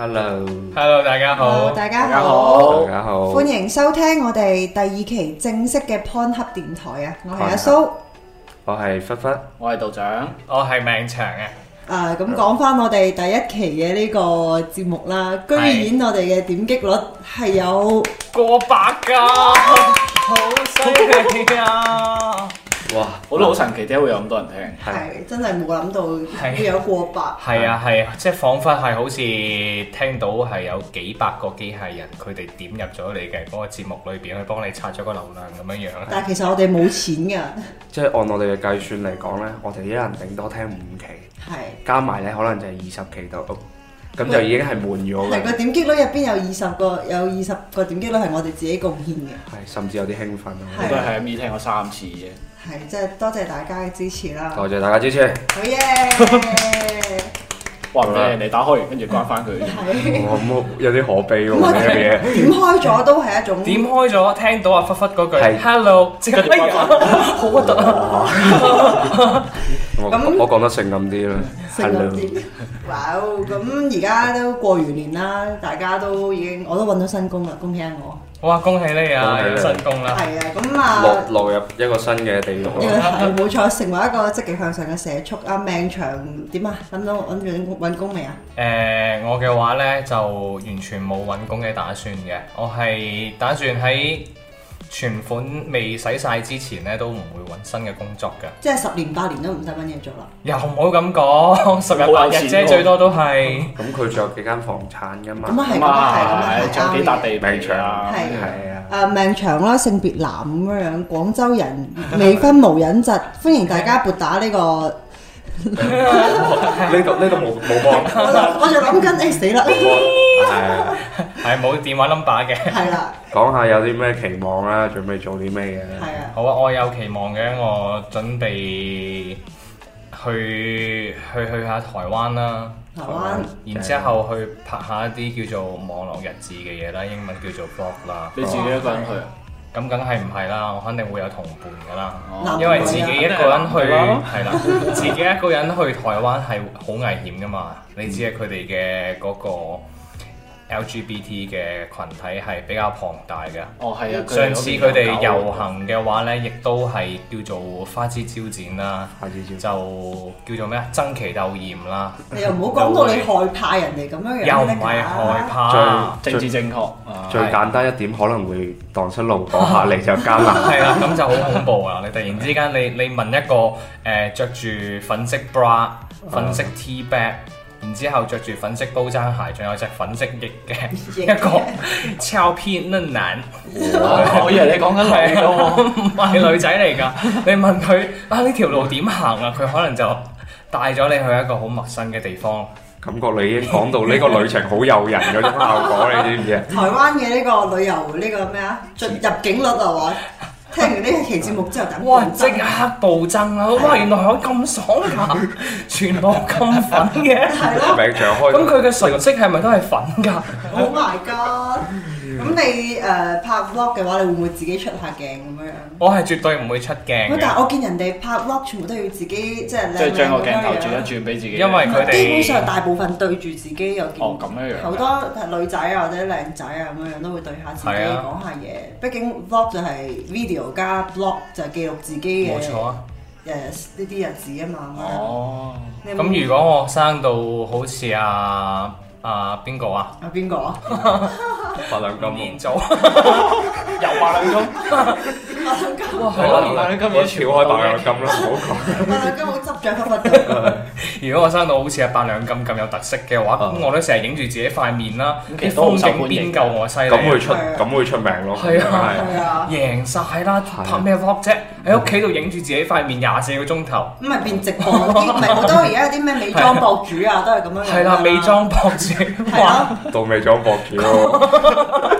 Hello，Hello，大家好，大家好，大家好，歡迎收聽我哋第二期正式嘅 Punch 電台啊！我係阿蘇，我係忽忽，我係道長，我係命長啊！啊，咁講翻我哋第一期嘅呢個節目啦，居然我哋嘅點擊率係有過百㗎，好犀利㗎！哇！我都好神奇，點解會有咁多人聽？係真係冇諗到會有過百。係啊係，即係彷彿係好似聽到係有幾百個機械人佢哋點入咗你嘅嗰個節目裏邊，去幫你刷咗個流量咁樣樣。但係其實我哋冇錢㗎。即係按我哋嘅計算嚟講呢，我哋一人頂多聽五期，加埋呢可能就係二十期度，咁就已經係滿咗。係個點擊率入邊有二十個，有二十個點擊率係我哋自己貢獻嘅。係甚至有啲興奮，我都係咁意聽咗三次嘅。係，即係多謝大家嘅支持啦！多謝大家支持，好嘢！哇，你打開跟住關翻佢，有啲可悲喎！點開咗都係一種點開咗，聽到阿狒狒嗰句 Hello，即刻點開，好核突啊！咁我講得性感啲啦，性感啲。哇！咁而家都過完年啦，大家都已經我都揾到新工啦，恭喜我。好啊！恭喜你啊，有新工啦。係啊，咁啊落入一個新嘅地圖。係冇錯，成為一個積極向上嘅社畜啊！命長點啊？諗到揾住揾工未啊？誒，我嘅話咧就完全冇揾工嘅打算嘅，我係打算喺。存款未使晒之前咧，都唔會揾新嘅工作㗎。即係十年八年都唔得揾嘢做啦。又唔好咁講，十日八日啫，最多都係。咁佢仲有幾間房產㗎嘛？咁啊係，咁啊係，係啱嘅。係啊。誒，命長啦，性別男咁樣，廣州人未婚無隱疾，歡迎大家撥打呢個。呢度呢度冇冇播。我就我就諗緊， 哎死啦，係係冇電話 number 嘅。係啦，講下有啲咩期望啦，準備做啲咩嘢？係啊。好啊，我有期望嘅，我準備去去，去去下台灣啦。台灣。然之後，後去拍一下一啲叫做網絡日誌嘅嘢啦，英文叫做 blog 啦。你自己一個人去啊？咁梗係唔係啦，我肯定會有同伴噶啦，哦、因為自己一個人去，係 啦，自己一個人去台灣係好危險噶嘛。你知啊，佢哋嘅嗰個。LGBT 嘅群體係比較龐大嘅。哦，係啊！上次佢哋遊行嘅話咧，亦、嗯、都係叫做花枝招展啦，花枝就叫做咩啊？爭奇鬥豔啦！你又唔好講到你害怕人哋咁樣樣。 又唔係害怕，政治正，正確。最，嗯、最簡單一點可能會蕩失路，講下嚟就加難。係 啦、 啊，咁就好恐怖啊！你突然之間你你問一個誒著住粉色 bra、粉色 T back。呃呃呃呃 然之後着住粉色高踭鞋，仲有隻粉色翼嘅一個超片嫩男，我以為你講緊男咯，唔係 女仔嚟㗎。你問佢啊呢條路點行啊，佢可能就帶咗你去一個好陌生嘅地方。感覺你已經講到呢個旅程好誘人嗰 種效果，你知唔知台灣嘅呢個旅遊呢、這個咩啊，進入境率係喎。 聽完呢期節目之後，哇！即刻暴增啦！哇，原來我咁爽噶，全部咁粉嘅，名場開。咁佢嘅唇色係咪都係粉㗎 ？Oh my god！咁你誒、呃、拍 Vlog 嘅話，你會唔會自己出下鏡咁樣？我係絕對唔會出鏡。但係我見人哋拍 Vlog，全部都要自己，即係將個鏡頭轉一轉俾自己。因為佢基本上大部分對住自己有咁又見好、哦、多女仔啊或者靚仔啊咁樣都會對下自己講下嘢。畢竟 Vlog 就係 video 加 blog，就係記錄自己嘅冇錯啊。誒呢啲日子啊嘛咁哦。咁如果我生到好似阿？Uh, 啊，邊個啊？啊， 邊個？八兩金。唔做，又八兩金。八兩金，我同八兩金一跳開八兩金啦！好強，八兩金好執。如果我生到好似八兩金咁有特色嘅話，咁我都成日影住自己塊面啦，其實風景邊夠我犀利。咁會出，咁會出名咯。係啊，係啊，贏晒啦！拍咩 Vlog 啫？喺屋企度影住自己塊面廿四個鐘頭，唔係變直播，唔係都而家有啲咩美妝博主啊，都係咁樣樣。係啦，美妝博主，到美妝博主咯。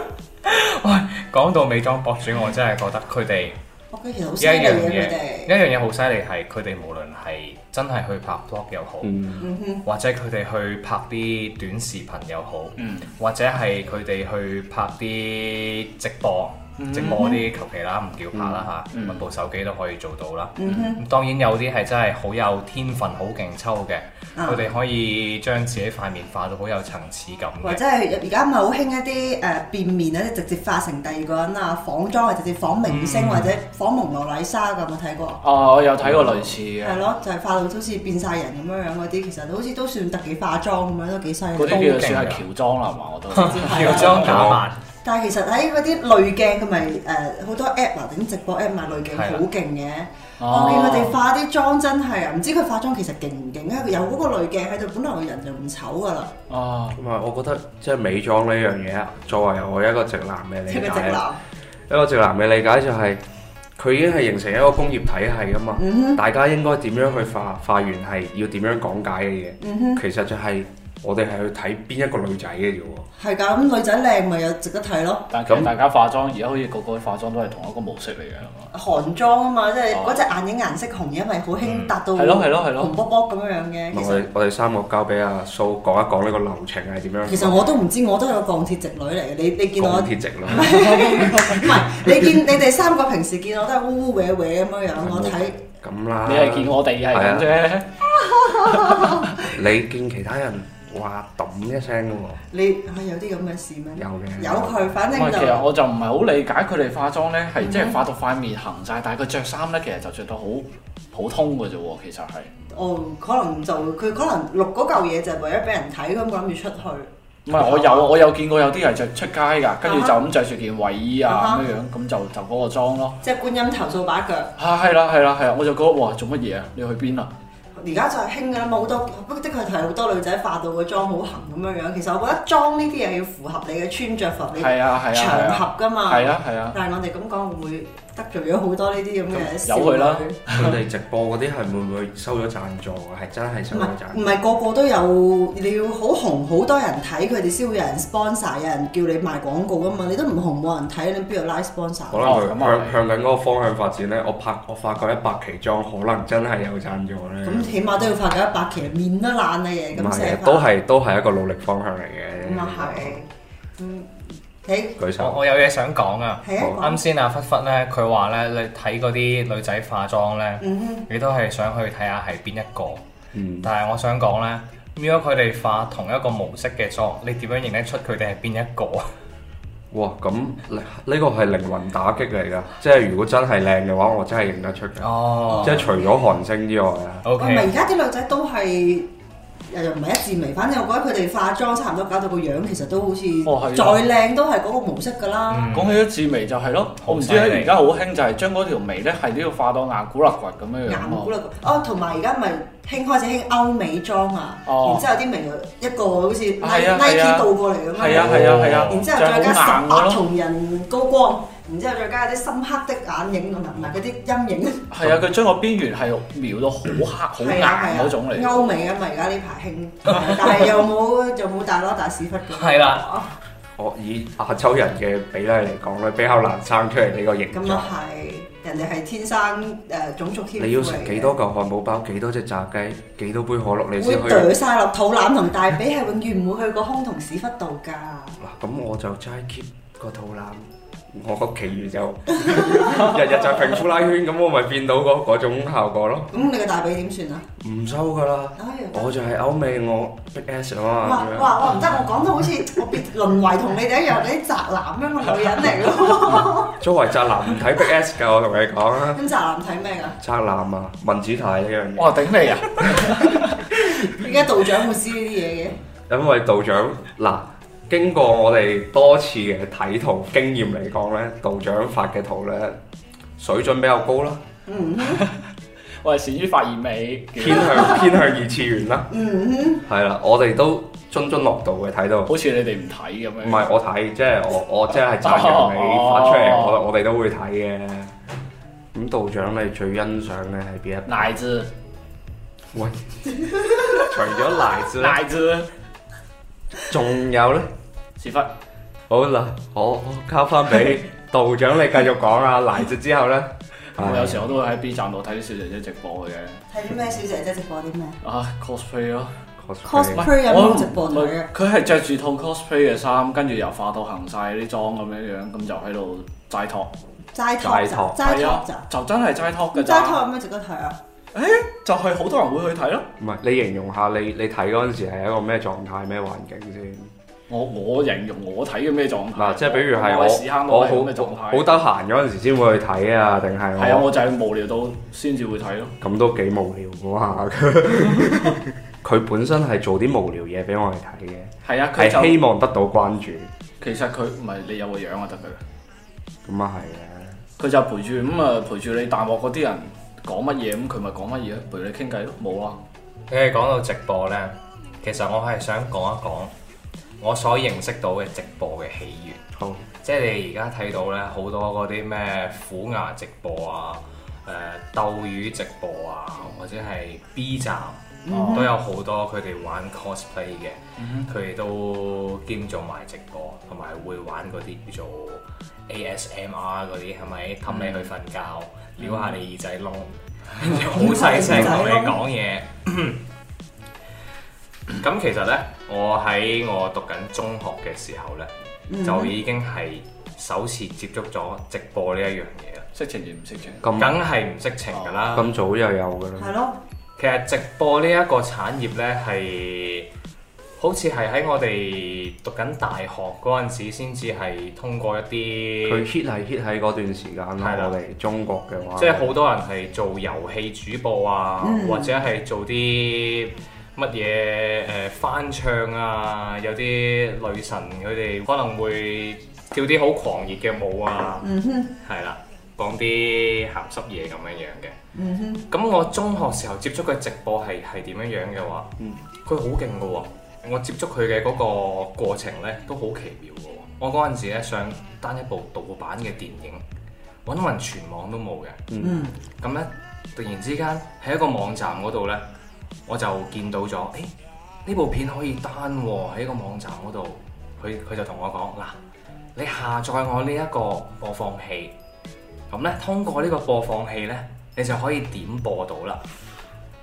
講到美妝博主，我真係覺得佢哋 Okay, 一,一樣嘢，一樣嘢好犀利係佢哋無論係真係去拍 Vlog 又好，mm hmm. 或者佢哋去拍啲短視頻又好，mm hmm. 或者係佢哋去拍啲直播。即播啲求其啦，唔叫拍啦嚇，揾部手機都可以做到啦。咁當然有啲係真係好有天分、好勁抽嘅，佢哋可以將自己塊面化到好有層次感。或者係而家唔係好興一啲誒變面咧，直接化成第二個人啊，仿妝係直接仿明星或者仿蒙娜麗莎噶，有冇睇過？哦，我有睇過類似嘅。係咯，就係化到好似變晒人咁樣樣嗰啲，其實好似都算特技化妝咁樣，都幾犀利。嗰啲叫算係喬裝啦，係嘛？我都喬裝假扮。但係其實喺嗰啲濾鏡，佢咪誒好多 app 嗱，啲直播 app 咪濾鏡好勁嘅。我見佢哋化啲妝真係啊，唔知佢化妝其實勁唔勁咧？有嗰個濾鏡喺度，本來個人就唔醜噶啦。哦，唔係，我覺得即係美妝呢樣嘢，作為我一個直男嘅理解，流一個直男嘅理解就係、是、佢已經係形成一個工業體系噶嘛。嗯、哼大家應該點樣去化化完係要點樣講解嘅嘢？嗯、哼其實就係、是。我哋係去睇邊一個女仔嘅啫喎，係㗎，咁女仔靚咪又值得睇咯。但其實大家化妝而家好似個個化妝都係同一個模式嚟嘅，韓妝啊嘛，即係嗰隻眼影顏色紅，因為好興達到，係咯，係咯，係咯，紅卜卜咁樣樣嘅。我哋我哋三個交俾阿蘇講一講呢個流程係點樣。其實我都唔知，我都係個鋼鐵直女嚟嘅。你你見我？鋼鐵直咯，唔係你見你哋三個平時見我都係烏烏歪歪咁樣樣，我睇咁啦，你係見我哋係咁啫，你見其他人。哇！咚一聲噶喎，你係有啲咁嘅事咩？有嘅，有佢的，有反正其實我就唔係好理解佢哋化妝咧，係即係化到塊面痕晒，mm hmm. 但係佢着衫咧，其實就着到好普通嘅啫喎，其實係。哦，可能就佢可能錄嗰嚿嘢就係為咗俾人睇，咁講住出去。唔係有，我有我有見過有啲係着出街噶，跟住就咁着住件衞衣啊咁、uh huh. 樣，咁就就嗰個裝咯。即係觀音頭掃把腳。係係啦係啦係啊！我就覺得哇，做乜嘢啊？你去邊啊？而家就係興噶啦，冇多，不過的確係好多女仔化到個妝好鹹咁樣樣，其實我覺得妝呢啲嘢要符合你嘅穿着，符合你場合噶嘛，啊啊啊啊啊、但係我哋咁講會。得罪咗好多呢啲咁嘅少女，佢哋 直播嗰啲係會唔會收咗贊助啊？係真係收咗贊助？唔係個個都有，你要好紅，好多人睇佢哋先會有人 sponsor，有人叫你賣廣告㗎嘛。你都唔紅，冇人睇，你邊度拉 sponsor？可能向向向緊嗰個方向發展咧。我拍我發覺一百期裝可能真係有贊助咧。咁起碼都要發覺一百期，面都爛嘅嘢咁成日都係都係一個努力方向嚟嘅。咁啊係。舉手。我，我有嘢想講好啊，啱先阿忽忽咧，佢話咧，你睇嗰啲女仔化妝咧，你都係想去睇下係邊一個。嗯、但係我想講咧，如果佢哋化同一個模式嘅妝，你點樣認得出佢哋係邊一個？哇！咁呢個係靈魂打擊嚟㗎，即係如果真係靚嘅話，我真係認得出嘅。哦，即係除咗韓星之外啊。O K、嗯。唔係 Okay，而家啲女仔都係。又又唔係一字眉，反正我覺得佢哋化妝差唔多，搞到個樣其實都好似，再靚都係嗰個模式㗎啦。講起一字眉就係咯，而家而家好興就係將嗰條眉咧，係都要化到眼古立骨咁樣樣。眼古立骨。哦，同埋而家咪興開始興歐美妝啊，然之後啲眉一個好似 Nike 倒過嚟咁啊，係啊係啊係啊，然之後再加十八銅人高光。然之後再加啲深黑的眼影同埋嗰啲陰影咧，係啊！佢將個邊緣係描到好黑好硬嗰種嚟、啊啊，歐美 打打啊嘛！而家呢排興，但係又冇就冇大攞大屎忽嘅。係啦，我以亞洲人嘅比例嚟講咧，比較難生出嚟呢個型。咁啊係，人哋係天生誒、呃、種族天賦嚟嘅。你要食幾多嚿漢堡包，幾多隻炸雞，幾多杯可樂，你先會剁曬落肚腩同大髀，係永遠唔會去過胸同屎忽度㗎。嗱咁 我就齋 keep 個肚腩。我個期月就日日就平呼拉圈，咁我咪變到嗰嗰種效果咯。咁你個大髀點算啊？唔收噶啦，我就係歐美我 big S 啊嘛。哇哇，我唔得，我講到好似我別淪為同你哋一樣嗰啲宅男咁嘅女人嚟咯。作為宅男唔睇 big S 噶，我同你講啊。咁宅男睇咩噶？宅男啊，民主題呢樣嘢。哇，頂你啊！依家道長會知呢啲嘢嘅，因為道長嗱。經過我哋多次嘅睇圖經驗嚟講咧，道長發嘅圖咧水準比較高啦。嗯，我係善於發現美，偏向偏向二次元啦。嗯，係啦，我哋都津津樂道嘅睇到。好似你哋唔睇咁樣。唔係我睇，即係我我即係讚揚你發出嚟，啊啊、我我哋都會睇嘅。咁道長你最欣賞咧係邊一？賴子。喂，除咗賴子，賴子，仲有咧？屎忽好啦，好，交翻俾道長你繼續講啊。嚟咗之後咧，我有時我都會喺 B 站度睇啲小姐姐直播嘅。睇啲咩小姐姐直播？啲咩？啊 cosplay 咯，cosplay 有冇直播？佢係着住套 cosplay 嘅衫，跟住又化到行晒啲妝咁樣樣，咁就喺度齋托。齋托，齋托，就真係齋托嘅咋？齋托有咩值得睇啊？誒，就係好多人會去睇咯。唔係，你形容下你你睇嗰陣時係一個咩狀態、咩環境先？我我形容我睇嘅咩狀態？嗱，即係比如係我我好嘅好得閒嗰陣時先很會去睇啊，定係係啊，我就係無聊到先至會睇咯、啊。咁 都幾無聊哇！佢 本身係做啲無聊嘢俾我哋睇嘅，係啊，佢就希望得到關注。其實佢唔係你有個樣就得嘅，咁啊係嘅。佢就陪住咁、嗯、啊，陪住你淡漠嗰啲人講乜嘢，咁佢咪講乜嘢陪你傾偈咯？冇啊。你哋講到直播咧，其實我係想講一講。我所認識到嘅直播嘅起源，Okay. 即係你而家睇到咧好多嗰啲咩虎牙直播啊、誒、呃、鬥魚直播啊，或者係 B 站、mm hmm. 啊、都有好多佢哋玩 cosplay 嘅，佢哋、mm hmm. 都兼做埋直播，同埋會玩嗰啲叫做 ASMR 嗰啲，係咪氹你去瞓覺，撩、mm hmm. 下你耳仔窿，好細聲同你講嘢。嗯咁、嗯、其實呢，我喺我讀緊中學嘅時候呢，嗯、就已經係首次接觸咗直播呢一樣嘢啦。色情而唔色情？梗係唔色情㗎啦！咁、哦、早就有㗎啦。係咯了。其實直播呢一個產業呢，係好似係喺我哋讀緊大學嗰陣時，先至係通過一啲。佢 hit 係 hit 喺嗰段時間咯，了我哋中國嘅話，即係好多人係做遊戲主播啊，嗯、或者係做啲。乜嘢誒翻唱啊？有啲女神佢哋可能會跳啲好狂熱嘅舞啊，係啦、mm hmm.，講啲鹹濕嘢咁樣樣嘅。咁、mm hmm. 我中學時候接觸嘅直播係係點樣樣嘅話，佢好勁嘅喎。我接觸佢嘅嗰個過程呢，都好奇妙嘅、哦。我嗰陣時咧想單一部盜版嘅電影，揾勻全網都冇嘅。咁、mm hmm. 呢，突然之間喺一個網站嗰度呢。我就見到咗，誒、欸、呢部片可以 down 喺個網站嗰度，佢佢就同我講：嗱，你下載我呢一個播放器，咁咧通過呢個播放器咧，你就可以點播到啦。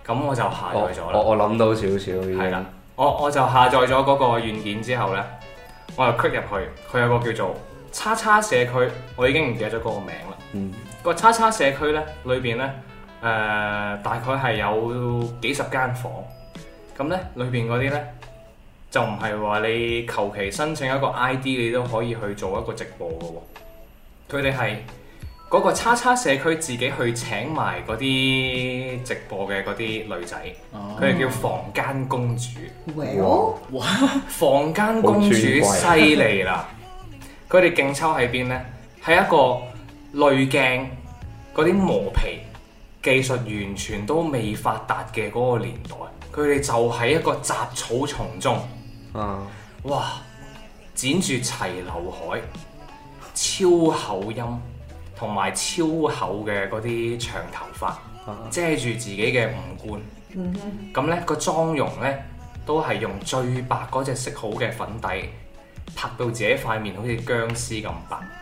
咁我就下載咗啦。我我諗到少少。係啦，我點點我，我就下載咗嗰個軟件之後咧，我又 click 入去，佢有個叫做叉叉社區，我已經唔記得咗個名啦。嗯，個叉叉社區咧裏邊咧。誒、uh, 大概係有幾十間房咁咧，裏邊嗰啲咧就唔係話你求其申請一個 ID，你都可以去做一個直播㗎喎、哦。佢哋係嗰個叉叉社區自己去請埋嗰啲直播嘅嗰啲女仔，佢哋、oh. 叫房間公主。Wow. 房間公主犀利啦！佢哋勁抽喺邊咧？係一個濾鏡嗰啲磨皮。技術完全都未發達嘅嗰個年代，佢哋就喺一個雜草叢中，uh huh. 哇，剪住齊劉海，超厚音，同埋超厚嘅嗰啲長頭髮，uh huh. 遮住自己嘅五官，咁、uh huh. 呢、呢個妝容呢，都係用最白嗰隻色好嘅粉底，拍到自己塊面好似僵屍咁白。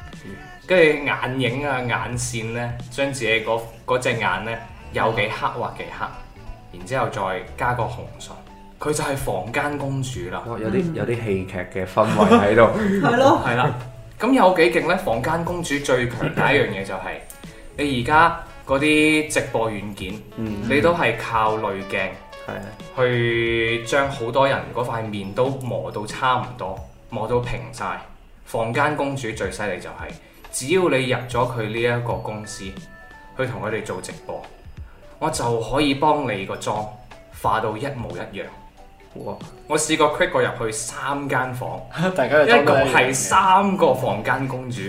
跟住眼影啊、眼線呢，將自己嗰隻眼呢，有幾黑或幾黑，然之後再加個紅唇，佢就係房間公主啦、哦。有啲有啲戲劇嘅氛圍喺度，係咯， 係啦。咁有幾勁呢？房間公主最強第一樣嘢就係、是、你而家嗰啲直播軟件， 你都係靠濾鏡，去將好多人嗰塊面都磨到差唔多，磨到平晒。房間公主最犀利就係、是。只要你入咗佢呢一個公司，去同佢哋做直播，我就可以幫你個妝化到一模一樣。哇、哦！我試過 click 過入去三間房，一,一共係三個房間公主，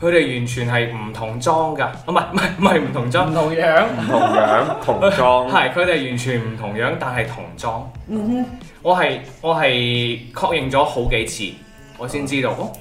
佢哋、嗯、完全係唔同妝㗎。唔係唔係唔係唔同妝，唔同樣，唔同樣，同妝。係佢哋完全唔同樣，但係同妝。嗯哼我，我係我係確認咗好幾次，我先知道。嗯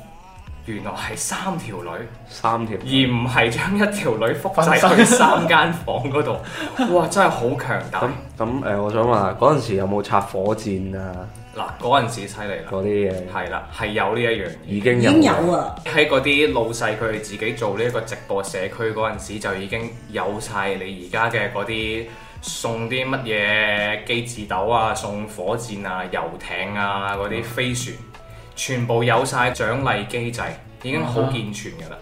原來係三條女，三條，而唔係將一條女複晒去三間房嗰度， 哇！真係好強大。咁咁、呃、我想問下，嗰陣時有冇拆火箭啊？嗱，嗰陣時犀利啦，嗰啲嘢係啦，係有呢一樣，已經有已經有啦。喺嗰啲老細佢哋自己做呢一個直播社區嗰陣時，就已經有晒你而家嘅嗰啲送啲乜嘢機智豆啊，送火箭啊、遊艇啊嗰啲飛船。嗯全部有晒獎勵機制，已經好健全㗎啦。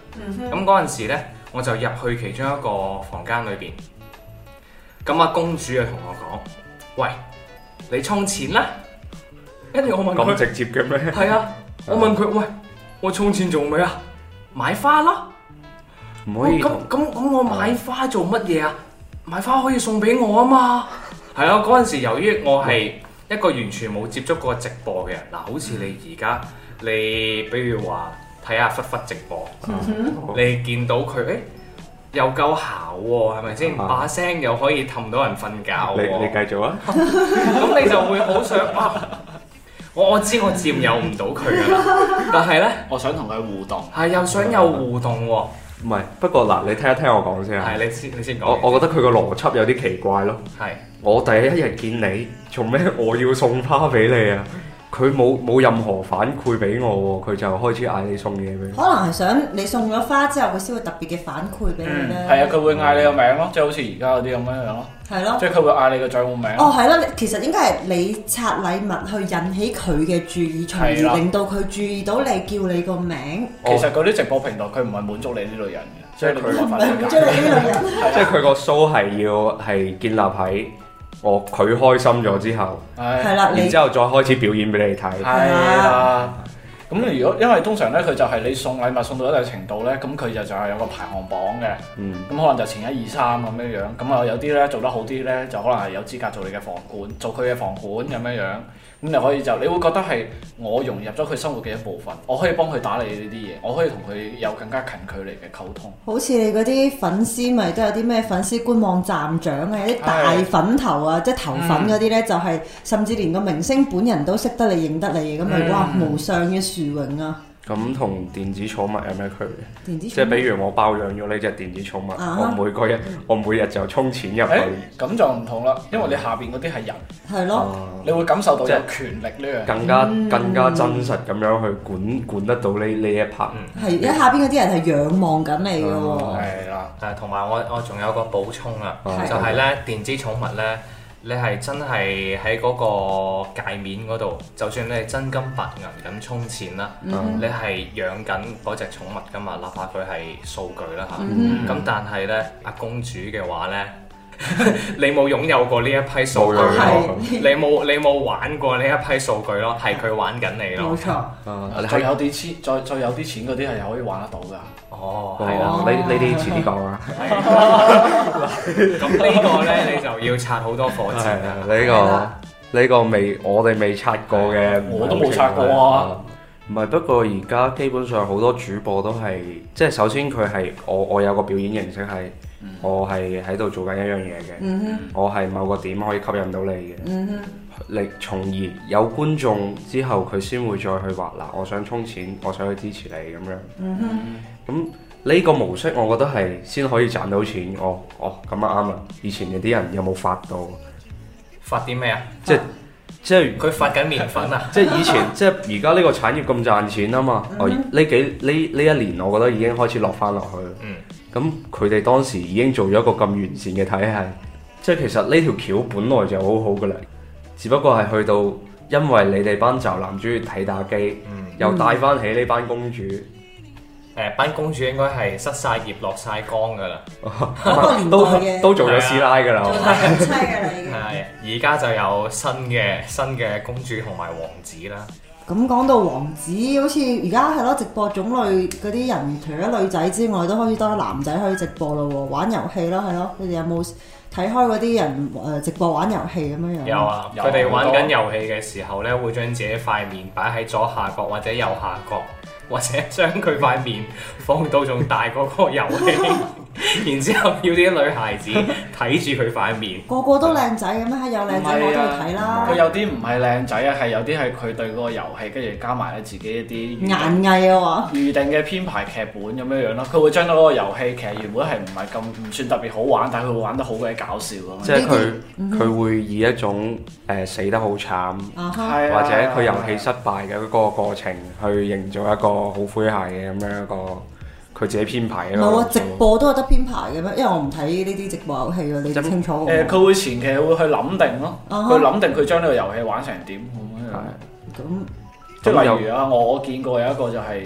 咁嗰陣時呢，我就入去其中一個房間裏邊。咁啊公主就同我講，喂，你充錢啦。跟住我問佢咁直接嘅咩？係啊，我問佢， 喂，我充錢做咩啊？買花咯。唔可以。咁咁咁，我買花做乜嘢啊？ 買花可以送俾我啊嘛。係 啊，嗰陣時由於我係。 一個完全冇接觸過直播嘅人，嗱，好似你而家，你比如話睇下忽忽直播， 你見到佢，誒、欸、又夠姣喎、哦，係咪先？把聲 又可以氹到人瞓覺、哦。你你繼續啊，咁 你就會好想啊，我知我知我佔有唔到佢啦，但係呢，我想同佢互動。係 又想有互動喎、哦。唔係，不過嗱，你聽一聽我講先啊。係，你先你先講。我我覺得佢個邏輯有啲奇怪咯。係是。我第一日見你，做咩我要送花俾你啊？佢冇冇任何反饋俾我喎，佢就開始嗌你送嘢俾。可能係想你送咗花之後，佢先會特別嘅反饋俾你咧。係、嗯、啊，佢會嗌你個名咯，即係、嗯、好似而家嗰啲咁樣樣咯。係咯，即係佢會嗌你個帳戶名。哦，係啦，其實應該係你拆禮物去引起佢嘅注意，從而令到佢注意到你叫你個名。了哦，其實嗰啲直播平台佢唔係滿足你呢類人嘅，即係佢唔係滿足你，即係佢個 show 係要係建立喺我佢開心咗之後，係啦了，然之後再開始表演俾你睇。係啦了。了咁如果因為通常咧，佢就係你送禮物送到一定程度咧，咁佢就就係有個排行榜嘅。咁、嗯、可能就前一二三咁樣樣，咁啊有啲咧做得好啲咧，就可能係有資格做你嘅房管，做佢嘅房管咁樣樣。咁你可以就，你會覺得係我融入咗佢生活嘅一部分，我可以幫佢打理呢啲嘢，我可以同佢有更加近距離嘅溝通。好似你嗰啲粉絲咪都有啲咩粉絲官網站長啊，有啲大粉頭啊，唉即係頭粉嗰啲呢，嗯、就係甚至連個明星本人都識得你認得你咁咪、就係，哇無上嘅殊榮啊！咁同電子寵物有咩區別？即係比如我包養咗呢隻電子寵物，我每個日我每日就充錢入去。咁就唔同啦，因為你下邊嗰啲係人，係、嗯、咯，你會感受到有權力呢樣，更加、嗯、更加真實咁樣去管管得到呢呢一 part。係、嗯，因為下邊嗰啲人係仰望緊你嘅喎。係啦、嗯，誒，同埋我我仲有個補充啊，嗯、就係咧電子寵物咧。你係真係喺嗰個界面嗰度，就算你係真金白銀咁充錢啦，mm hmm. 你係養緊嗰隻寵物噶嘛，哪怕佢係數據啦吓，咁、mm hmm. 但係呢，阿公主嘅話呢。你冇擁有過呢一批數據，你冇你冇玩過呢一批數據咯，係佢玩緊你咯，冇錯。啊，仲有啲錢，再再有啲錢嗰啲人可以玩得到噶。哦，係啦，呢呢啲遲啲講啦。咁呢個咧，你就要拆好多火車。呢個呢個未，我哋未拆過嘅，我都冇拆過啊。唔係，不過而家基本上好多主播都係，即係首先佢係我我有個表演形式係。我係喺度做緊一樣嘢嘅，mm hmm. 我係某個點可以吸引到你嘅，你、mm hmm. 從而有觀眾之後，佢先會再去話，嗱，我想充錢，我想去支持你咁樣。咁呢、mm hmm. 呢個模式，我覺得係先可以賺到錢。哦，哦咁啊啱啦。以前啲人有冇發到？發啲咩即啊？即係即係佢發緊麵粉啊？ 即係以前，即係而家呢個產業咁賺錢啊嘛？我呢、mm hmm. 幾呢呢一年，我覺得已經開始落翻落去。Mm hmm. 咁佢哋當時已經做咗一個咁完善嘅體系，即係其實呢條橋本來就好好噶啦，只不過係去到因為你哋班就男主角睇打機，嗯、又帶翻起呢班公主，班、嗯嗯、 公主應該係失晒業落晒崗噶啦，都做咗師奶噶啦，係而家就有新嘅新嘅公主同埋王子啦。咁講到王子，好似而家係咯，直播種類嗰啲人，除咗女仔之外，都可以多男仔去直播咯。玩遊戲啦，係咯，你哋有冇睇開嗰啲人誒直播玩遊戲咁樣樣？有啊，佢哋玩緊遊戲嘅時候咧，會將自己塊面擺喺左下角或者右下角，或者將佢塊面放到仲大過個遊戲。 然之後要啲女孩子睇住佢塊面，個個都靚仔嘅咩？有靚仔我都睇啦。佢有啲唔係靚仔啊，係有啲係佢對嗰個遊戲跟住加埋咧自己一啲演技啊喎，預定嘅編排劇本咁樣樣咯。佢會將到嗰個遊戲其實原本係唔係咁唔算特別好玩，但係佢會玩得好鬼搞笑咯。即係佢佢會以一種誒死得好慘，或者佢遊戲失敗嘅嗰個過程去營造一個好灰暗嘅咁樣一個。佢自己編排嘅咯。直播都有得編排嘅咩？因為我唔睇呢啲直播遊戲啊，你清楚。誒，佢會前期會去諗定咯，去諗定佢將呢個遊戲玩成點咁樣。咁即係例如啊，我我見過有一個就係誒，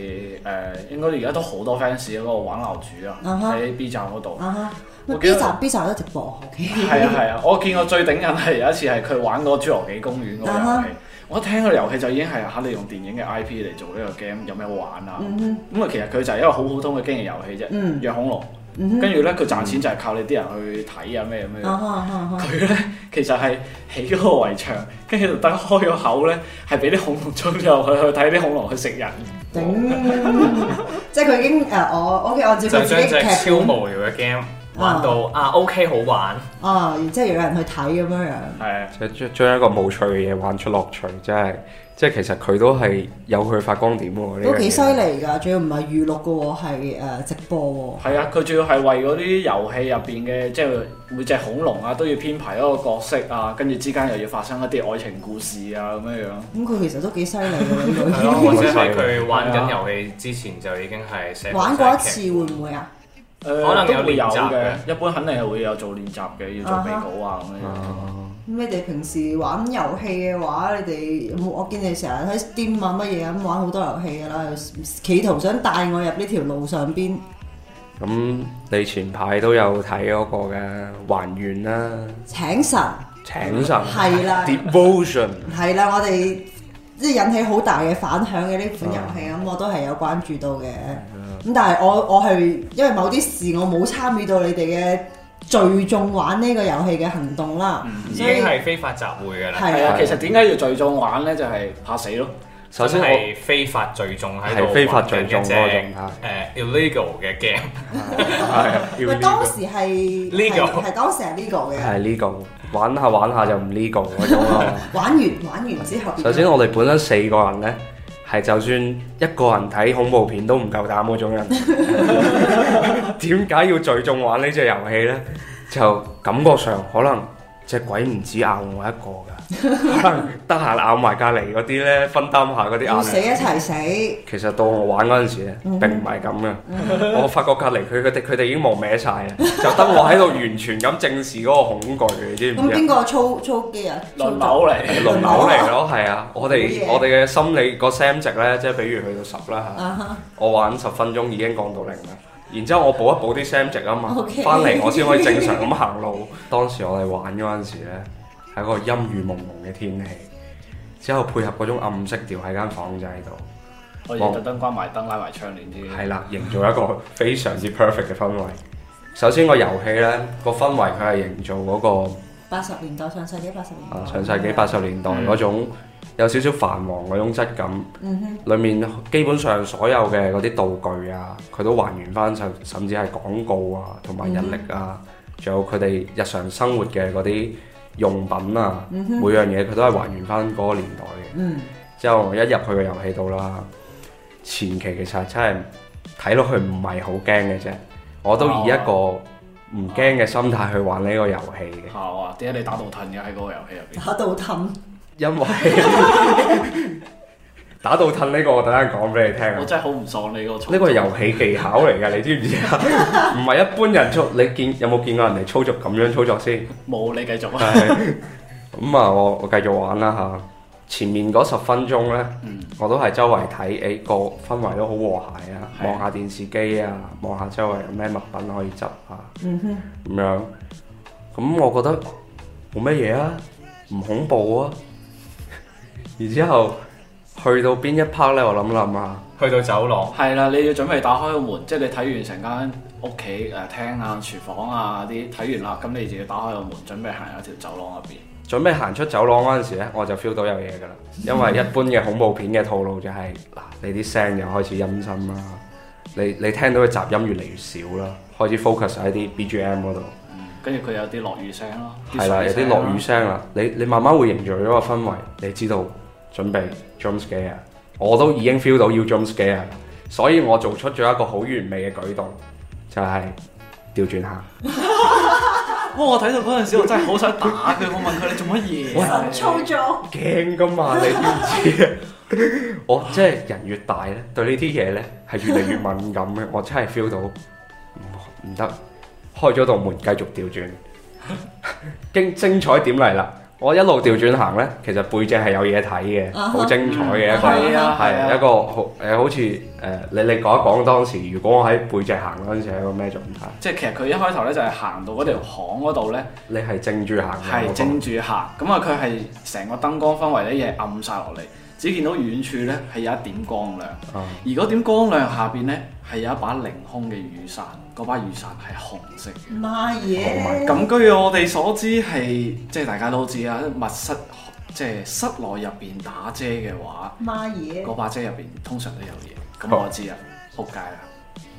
應該而家都好多 fans 喺度玩樓主啊，喺 B 站嗰度。B 站 B 站有直播。係啊係啊，我見過最頂人係有一次係佢玩嗰侏羅紀公園嗰個遊戲。我一聽個遊戲就已經係嚇，你用電影嘅 I P 嚟做呢個 game 有咩好玩啊？咁啊、嗯、哼其實佢就係一個好普通嘅經營遊戲啫，養、嗯、恐龍。跟住呢，佢賺錢就係靠你啲人去睇啊咩咁樣。佢、啊啊啊、呢，其實係起嗰個圍牆，跟住等開咗口呢，係俾啲恐龍衝入去去睇啲恐龍去食人。哇 即係佢已經誒、呃、我 OK，我照佢自己劇超無聊嘅 game。玩到啊，啊 OK 好玩啊，然之後有人去睇咁樣樣，係啊的，即將將一個無趣嘅嘢玩出樂趣，即係即係其實佢都係有佢發光點喎，都幾犀利㗎！仲要唔係預錄嘅喎，係直播喎。係啊，佢仲要係為嗰啲遊戲入邊嘅，即係每隻恐龍啊都要編排一個角色啊，跟住之間又要發生一啲愛情故事啊咁樣樣。咁佢、嗯、其實都幾犀利㗎。係啊， 或者係佢玩緊遊戲之前就已經係玩過一次會會，會唔會啊？可能都會有嘅，有一般肯定係會有做練習嘅，要做備稿、uh huh. 啊咁樣。咁、啊、你哋平時玩遊戲嘅話，你哋我見你成日喺 Steam 啊乜嘢咁玩好多遊戲噶啦，企圖想帶我入呢條路上邊。咁、嗯、你前排都有睇嗰個嘅還原啦，請神，請神係啦，Devotion 係啦，我哋即係引起好大嘅反響嘅呢款遊戲，咁、啊、我都係有關注到嘅。咁但係我我係因為某啲事我冇參與到你哋嘅聚眾玩呢個遊戲嘅行動啦，已經係非法集會嘅啦。係啊，其實點解要聚眾玩咧？就係、是、怕死咯。首先係非法聚眾喺度、就是，非法聚眾嗰種、就是。誒、啊、illegal 嘅 game。係啊，要。喂，當時係是 legal，係當時係 legal 嘅。係 legal，玩下玩下就唔 legal 嗰種咯。 玩完玩完之後， 首先我哋本身四個人咧。係就算一個人睇恐怖片都唔夠膽嗰種人，點解要聚眾玩這個呢隻遊戲咧？就感覺上可能隻鬼唔止咬我一個。得得閒咬埋隔籬嗰啲咧，分擔下嗰啲壓力。死一齊死。其實到我玩嗰陣時咧，並唔係咁嘅。我發覺隔籬佢佢哋佢哋已經忘歪晒啊，就得我喺度完全咁正視嗰個恐懼。你知唔知？咁邊個操操機啊？輪流嚟，輪流嚟咯，係啊。我哋我哋嘅心理個 SAM 值咧，即係比如去到十啦吓。我玩十分鐘已經降到零啦，然之後我補一補啲 SAM 值啊嘛。翻嚟我先可以正常咁行路。當時我哋玩嗰陣時咧。喺個陰雨濛濛嘅天氣，之後配合嗰種暗色調喺間房仔度，我哋特登關埋燈、拉埋窗簾，係啦，營造一個非常之 perfect 嘅氛圍。 首先個遊戲呢，個氛圍佢係營造嗰、嗰個八十年代上世紀八十年代、啊、上世紀八十年代嗰、嗯、種有少少繁忙嗰種質感。嗯哼裡面基本上所有嘅嗰啲道具啊，佢都還原翻，甚至係廣告啊，同埋人力啊，仲有佢哋日，日常生活嘅嗰啲，用品啊，每樣嘢佢都係還原翻嗰個年代嘅。嗯、之後我一入去個遊戲度啦，前期其實真係睇落去唔係好驚嘅啫，我都以一個唔驚嘅心態去玩呢個遊戲嘅。嚇哇、啊啊！點、啊、解你打到騰嘅喺嗰個遊戲入邊？打到騰，因為。 打到褪呢個，我等下講俾你聽。我真係好唔爽你個操。呢個係遊戲技巧嚟噶，你知唔知啊？唔係 一般人操。你見有冇見過人哋操作咁樣操作先？冇、嗯，你繼續。咁 啊，我我繼續玩啦吓。前面嗰十分鐘呢，嗯、我都係周圍睇，誒、哎、個氛圍都好和諧啊。望下電視機啊，望下周圍有咩物品可以執啊。嗯哼。咁樣，咁我覺得冇乜嘢啊，唔恐怖啊。 然之後。去到邊一 part 咧？我諗諗啊，去到走廊係啦，你要準備打開個門，即係你睇完成間屋企誒廳啊、廚房啊啲睇完啦，咁你就要打開個門，準備行入條走廊入邊。準備行出走廊嗰陣時咧，我就 feel 到有嘢噶啦，因為一般嘅恐怖片嘅套路就係、是、嗱， 你啲聲又開始陰森啦，你你聽到嘅雜音越嚟越少啦，開始 focus 喺啲 BGM 嗰度，跟住佢有啲落雨聲咯，係啦，有啲落雨聲啦， 你你慢慢會營造咗個氛圍，你知道。準備 jump scare，我都已經 feel 到要 jump scare，所以我做出咗一個好完美嘅舉動，就係調轉下。哇！ 我睇到嗰陣時，我真係好想打佢。我問佢：你做乜嘢啊？操作？驚噶嘛？你知唔知啊？ 我即係人越大咧，對呢啲嘢咧係越嚟越敏感嘅。我真係 feel 到唔得，開咗道門繼續調轉。精 精彩點嚟啦！我一路調轉行呢，其實背脊係有嘢睇嘅，好、啊、哈精彩嘅一個，係、嗯啊啊、一個好誒，好似誒、呃，你你講一講當時，如果我喺背脊行嗰陣時係個咩狀態？即係其實佢一開頭呢就係行到嗰條巷嗰度呢，你係正住行嘅，係正住行，咁啊佢係成個燈光氛圍呢嘢暗晒落嚟，只見到遠處呢係有一點光亮，而嗰點光亮下邊呢係有一把凌空嘅雨傘。把雨傘係紅色。嘅媽嘢爺。咁、嗯、據我哋所知係即係大家都知啊，密室即係室內入邊打遮嘅話，媽嘢爺。把遮入邊通常都有嘢。咁我知啊，仆街啦。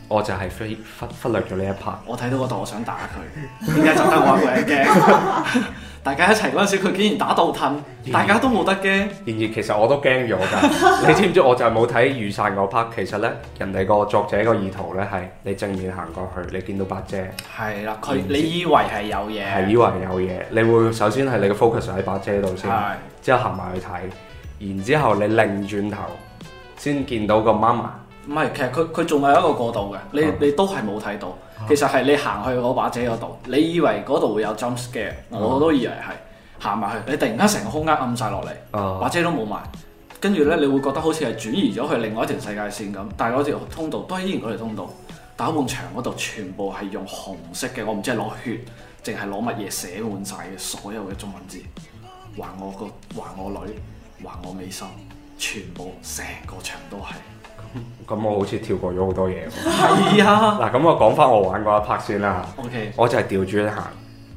我就係忽忽忽略咗呢一 part。我睇到我度，我想打佢，點解就得我一個人驚？ 大家一齊嗰陣時，佢竟然打倒吞，來大家都冇得驚。然而其實我都驚咗㗎， 你知唔知？我就係冇睇預散嗰 part。其實咧，人哋個作者個意圖咧係你正面行過去，你見到把遮。係啦，佢然後 你以為係有嘢。係以為有嘢，你會首先係你嘅 focus 喺把遮度先，之的後行埋去睇，然之後你擰轉頭先見到個 mama 唔係，其實佢佢仲係一個過渡嘅，你你都係冇睇到。其實係你行去嗰把遮嗰度，你以為嗰度會有 jump scare，我都以為係行埋去，你突然間成個空間暗晒落嚟，啊、把遮都冇埋，跟住呢，你會覺得好似係轉移咗去另外一條世界線咁。但係嗰條通道都係依然嗰條通道，但係一埲牆嗰度全部係用紅色嘅，我唔知係攞血，淨係攞乜嘢寫滿晒嘅所有嘅中文字，還我個還我女還我美心，全部成個牆都係。咁、嗯、我好似跳過咗好多嘢。係啊，嗱、 嗯，咁我講翻我玩嗰一拍先啦。OK，我就係調轉行，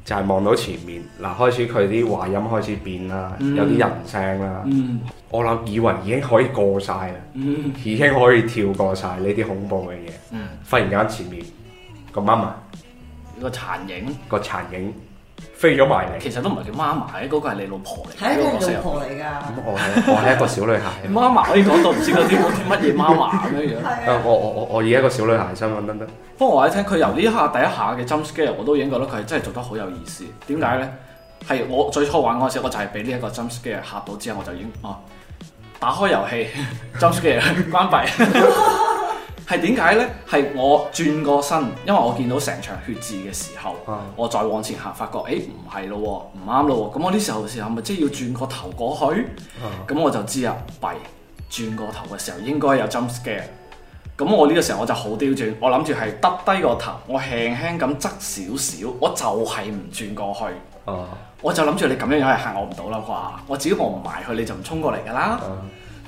就係、是、望到前面，嗱，開始佢啲話音開始變啦，嗯、有啲人聲啦。嗯、我諗以為已經可以過晒啦，嗯、已經可以跳過晒呢啲恐怖嘅嘢。嗯、忽然間前面媽媽個媽咪，個殘影，個殘影。飛咗埋嚟，其實都唔係叫媽媽、啊，嗰、嗰個係你老婆嚟。係你老婆嚟㗎。我係我係一個小女孩。 媽媽可以講到唔知嗰啲乜嘢媽媽咁樣。我我我我以一個小女孩身份等等 。不過我一聽，佢由呢下第一下嘅 jump scare 我都已經覺得佢真係做得好有意思。點解咧？係我最初玩嗰時候，我就係俾呢一個 jump scare 嚇到之後，我就已經哦、啊，打開遊戲，jump scare 關閉。係點解呢？係我轉過身，因為我見到成場血字嘅時候，uh huh. 我再往前行，發覺誒唔係咯，唔啱咯。咁我呢時候嘅時候咪即係要轉個頭過去。咁、uh huh. 我就知啊，弊，轉個頭嘅時候應該有 jump scare。咁我呢個時候我就好刁轉，我諗住係耷低個頭，我輕輕咁側少少，我就係唔轉過去。Uh huh. 我就諗住你咁樣樣係嚇我唔到啦啩，我只要我唔埋去你就唔衝過嚟㗎啦。Uh huh.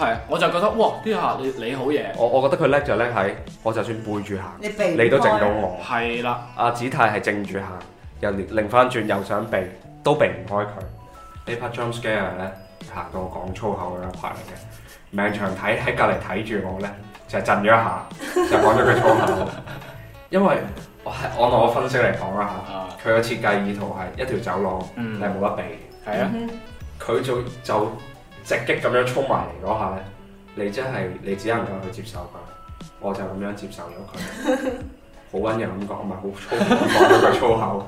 係我就覺得哇，啲下你你好嘢。我我覺得佢叻就叻喺，我就算背住行，你都整到我。係啦的，阿、啊、子太係正住行，又擰翻轉又想避，都避唔開佢。呢 part jump scare 咧行到我講粗口嘅一 part 嚟嘅，命長睇喺隔離睇住我咧就震咗一下，就講咗句粗口。 因為我係按我分析嚟講啦嚇，佢嘅、嗯、設計意圖係一條走廊，你係冇得避。係啊，佢、嗯、就就。就就就直擊咁樣衝埋嚟嗰下咧，你真係你只能夠去接受佢，我就咁樣接受咗佢，好溫柔咁講，唔係好粗口，我講咗個粗口。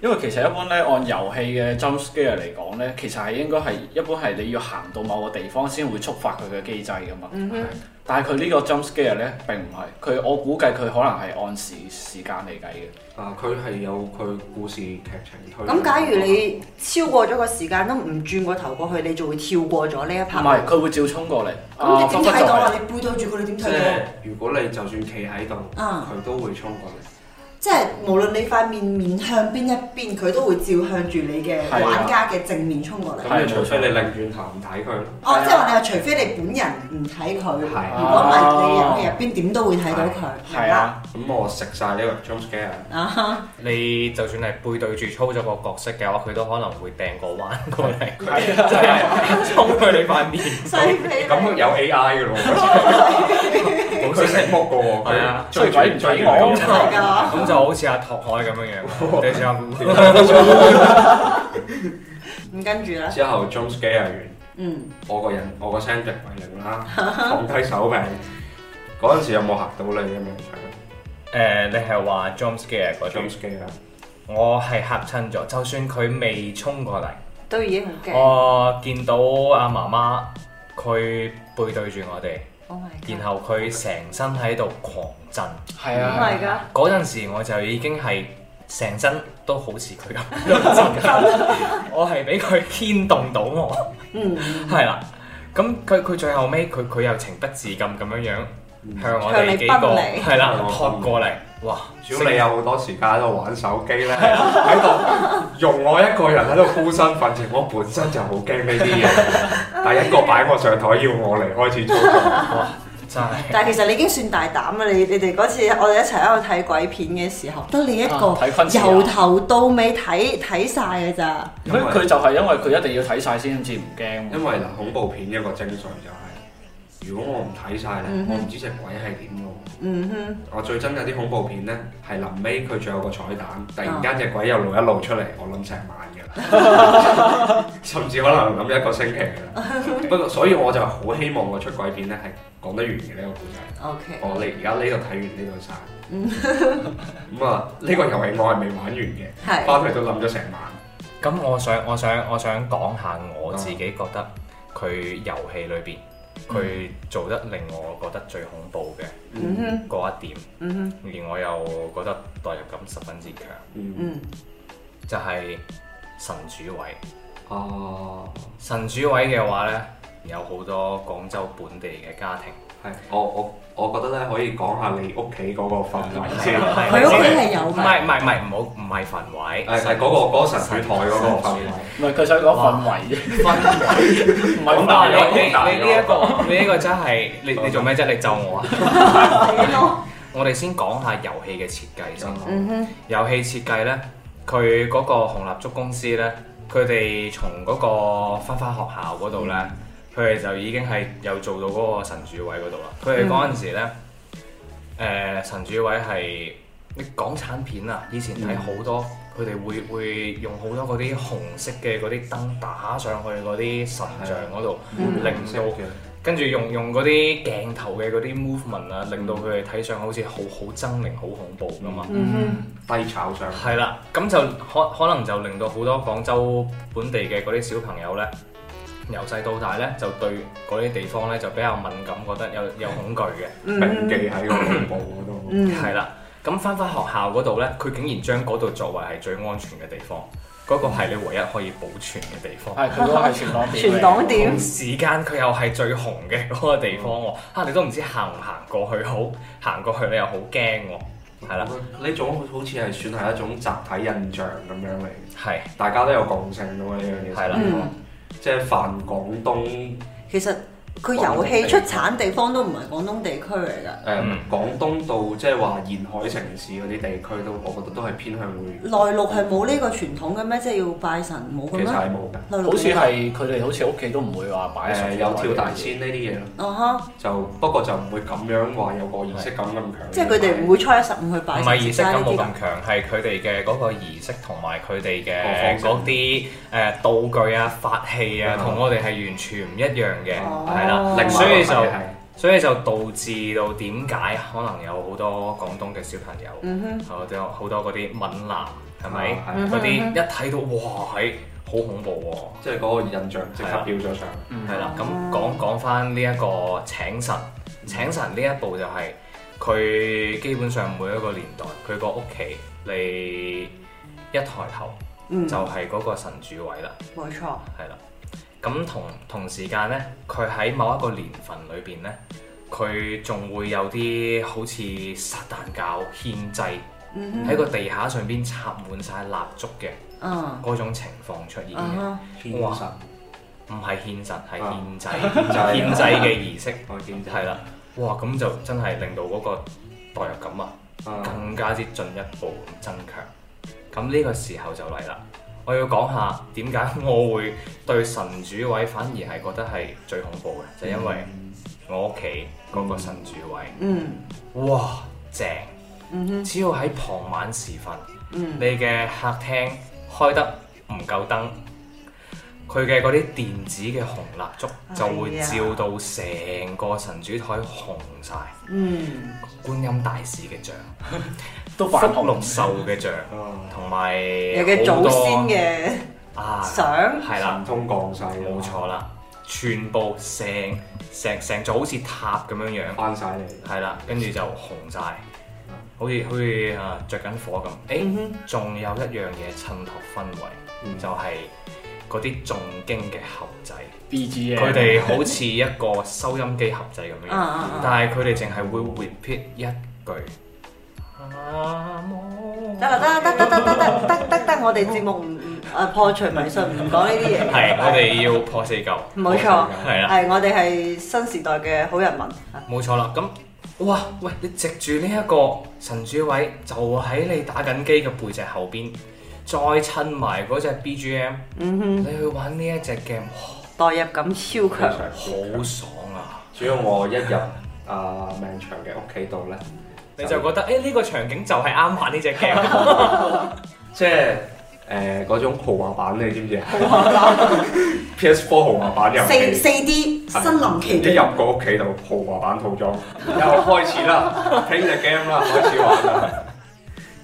因為其實一般咧按遊戲嘅 jump scare 嚟講咧，其實係應該係一般係你要行到某個地方先會觸發佢嘅機制㗎嘛。嗯、哼但係佢呢個 jump scare 咧並唔係，佢我估計佢可能係按時時間嚟計嘅。啊，佢係有佢故事劇情去。咁、嗯、假如你超過咗個時間都唔轉個頭過去，你就會跳過咗呢一拍。唔係，佢會照衝過嚟。咁你點睇到話你背對住佢你點睇？即係如果你就算企喺度，佢、啊、都會衝過嚟。即係無論你塊面面向邊一邊，佢都會照向住你嘅玩家嘅正面衝過嚟。咁除非你逆轉頭唔睇佢咯。哦，即係話你話除非你本人唔睇佢，如果唔係你遊戲入邊點都會睇到佢。係啊，咁我食晒呢個 jump scare。啊哈！你就算係背對住操咗個角色嘅話，佢都可能會掟個彎過嚟，即係衝佢你塊面。所以佢咁有 AI 嘅咯。好識剝嘅喎。係啊，最鬼唔準講㗎。就好似阿拓海咁樣嘅，你唔跟住啦。之後 Jumpscare 完，嗯，我個人我個聲勁鬼零啦，放低手柄。嗰陣 時有冇嚇到你咁樣？誒、呃，你係話 Jumpscare 嗰 Jumpscare？我係嚇親咗，就算佢未衝過嚟，都已經好驚我見到阿媽媽，佢背對住我哋，oh、my 然後佢成身喺度狂。震係啊，唔係噶嗰陣時我就已經係成身都好似佢咁，樣 我係俾佢牽動到我，嗯，係啦、啊，咁佢佢最後尾，佢佢又情不自禁咁樣樣向我哋幾個係啦撲過嚟，哇！主要、嗯、星你有好多時間喺度玩手機咧，喺度、啊、用我一個人喺度孤身奮戰， 我本身就好驚呢啲嘢，第 一個擺我上台要我嚟開始做。就是、但係其實你已經算大膽啦！你你哋嗰次我哋一齊喺度睇鬼片嘅時候，得你一個由頭到尾睇睇晒㗎咋。佢就係因為佢一定要睇晒先至唔驚。因為啦，恐怖片一個精髓就係、是，如果我唔睇晒，咧、mm，hmm. 我唔知隻鬼係點咯。嗯哼、mm。Hmm. 我最憎有啲恐怖片咧，係臨尾佢仲有個彩蛋，突然間隻鬼又露一露出嚟，我諗成晚噶啦， 甚至可能諗一個星期噶啦。 不過所以我就好希望我出鬼片咧係。講得完嘅呢個故仔。O K。我哋而家呢度睇完呢個曬。咁啊，呢、 呢個遊戲我係未玩完嘅。係。翻去都諗咗成晚。咁 Okay. 我想我想我想講下我自己覺得佢遊戲裏邊佢做得令我覺得最恐怖嘅嗰、uh huh. 一點，uh huh. 而我又覺得代入感十分之強。嗯、uh。Huh. 就係神主位。哦、uh。Huh. 神主位嘅話咧。有好多廣州本地嘅家庭，係我我我覺得咧可以講下你屋企嗰個氛圍先。佢屋企係有，唔係唔係唔好唔係墳位，係係嗰個嗰個神台嗰個氛圍。唔係佢想講氛圍，氛圍。講大你你呢一個，你呢個真係你你做咩啫？你咒我啊？我哋先講下遊戲嘅設計先。嗯哼。遊戲設計咧，佢嗰個紅蠟燭公司咧，佢哋從嗰個花翻學校嗰度咧。佢哋就已經係又做到嗰個神主位嗰度啦。佢哋嗰陣時咧，誒、mm hmm. 呃、神主位係啲港產片啊，以前睇好多，佢哋、mm hmm. 會會用好多嗰啲紅色嘅嗰啲燈打上去嗰啲神像嗰度，mm hmm. 令到、mm hmm. 跟住用用嗰啲鏡頭嘅嗰啲 movement 啊、mm，hmm. 令到佢哋睇上好似好好猙獰、好恐怖㗎嘛。低炒上係啦，咁就可可能就令到好多廣州本地嘅嗰啲小朋友咧。由細到大咧，就對嗰啲地方咧就比較敏感，覺得有有恐懼嘅，記喺個腦部嗰度。嗯，係啦。咁返返學校嗰度咧，佢竟然將嗰度作為係最安全嘅地方，嗰、嗰個係你唯一可以保存嘅地方。係、嗯，佢都係全港點。全港點。時間佢又係最紅嘅嗰個地方喎、嗯啊，你都唔知行唔行過去好，好行過去又、嗯嗯、你又好驚喎。係啦。呢種好似係算係一種集體印象咁樣嚟，係對對大家都有共性咯呢樣嘢。係啦。即係泛廣東，其實。佢遊戲出產地方都唔係廣東地區嚟㗎、嗯。誒，廣東到即係話沿海城市嗰啲地區都，我覺得都係偏向會。內陸係冇呢個傳統嘅咩？嗯、即係要拜神冇咁。其實係冇嘅。好似係佢哋好似屋企都唔會話擺、嗯。誒，有跳大仙呢啲嘢咯。啊哈。就不過就唔會咁樣話有個儀式感咁強。即係佢哋唔會初一十五去拜。唔係儀式感冇咁強，係佢哋嘅嗰個儀式同埋佢哋嘅播放嗰啲誒道具啊、法器啊，同我哋係完全唔一樣嘅。哦。所以就所以就導致到點解可能有好多廣東嘅小朋友，哦、mm，都有好多嗰啲閩南，係咪嗰啲一睇到哇，係、哎、好恐怖喎、啊，即係嗰個印象即刻飆咗上。係啦、啊，咁講講翻呢一個請神，mm hmm. 請神呢一步就係佢基本上每一個年代，佢個屋企你一抬頭就係嗰個神主位啦。冇錯、mm，係、hmm. 啦、啊。咁同同時間呢，佢喺某一個年份裏邊呢，佢仲會有啲好似撒旦教獻祭，喺個、嗯、哼地下上邊插滿晒蠟燭嘅嗰種情況出現嘅。哇！唔係獻神，係獻祭，獻祭嘅儀式係啦。哇！咁就真係令到嗰個代入感啊，更加之進一步增強。咁呢個時候就嚟啦。我要講下點解我會對神主位反而係覺得係最恐怖嘅，mm hmm. 就係因為我屋企嗰個神主位，mm hmm. 哇正！Mm hmm. 只要喺傍晚時分，mm hmm. 你嘅客廳開得唔夠燈。佢嘅嗰啲電子嘅紅蠟燭就會照到成個神主台紅晒，嗯，觀音大士嘅像，都福祿壽嘅像，同埋 多、嗯、有嘅祖先嘅啊相，係啦、啊，通晒，冇錯啦，全部成成成座好似塔咁樣樣，翻晒，嚟，係啦，跟住就紅晒，好似好似啊着緊火咁，誒、嗯，仲有一樣嘢襯托氛圍，嗯、就係、是。嗰啲重經嘅盒仔，BGM 佢哋好似一個收音機盒仔咁樣，但係佢哋淨係會 repeat 一句。得啦得得得得得得得得得，我哋節目唔唔誒，破除迷信，唔講呢啲嘢。係，我哋要破四舊。冇錯，係啦，係我哋係新時代嘅好人民。冇錯啦，咁哇喂，你藉住呢一個神主位，就喺你打緊機嘅背脊後邊。再襯埋嗰隻 BGM，你去玩呢一隻 game，代入感超強，好爽啊！主要我一入啊命長嘅屋企度咧，uh, 就你就覺得誒呢、欸呢個場景就係啱玩呢隻 game，即係誒嗰種豪華版，你知唔知豪華版 PS Four 豪華版入四 D 身臨其境，一入個屋企度，豪華版套裝，又 開始啦，聽隻 game 啦，開始玩啦。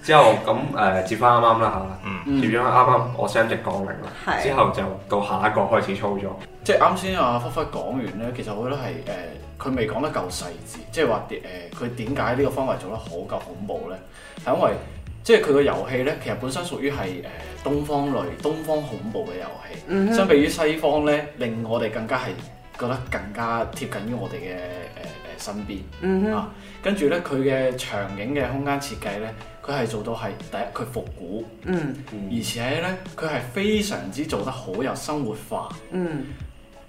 之後咁誒接翻啱啱啦嚇，接咗啱啱我 send 嘅講明啦，mm hmm. 之後就到下一個開始操作。嗯、即係啱先阿福輝講完咧，其實我覺得係誒佢未講得夠細緻，即係話誒佢點解呢個方位做得好夠恐怖咧？係因為即係佢個遊戲咧，其實本身屬於係誒東方類東方恐怖嘅遊戲，mm hmm. 相比於西方咧，令我哋更加係覺得更加貼近於我哋嘅誒誒身邊啊。Mm hmm. mm hmm. 跟住呢，佢嘅場景嘅空間設計呢，佢係做到係第一，佢復古，嗯，而且呢，佢係非常之做得好有生活化，嗯，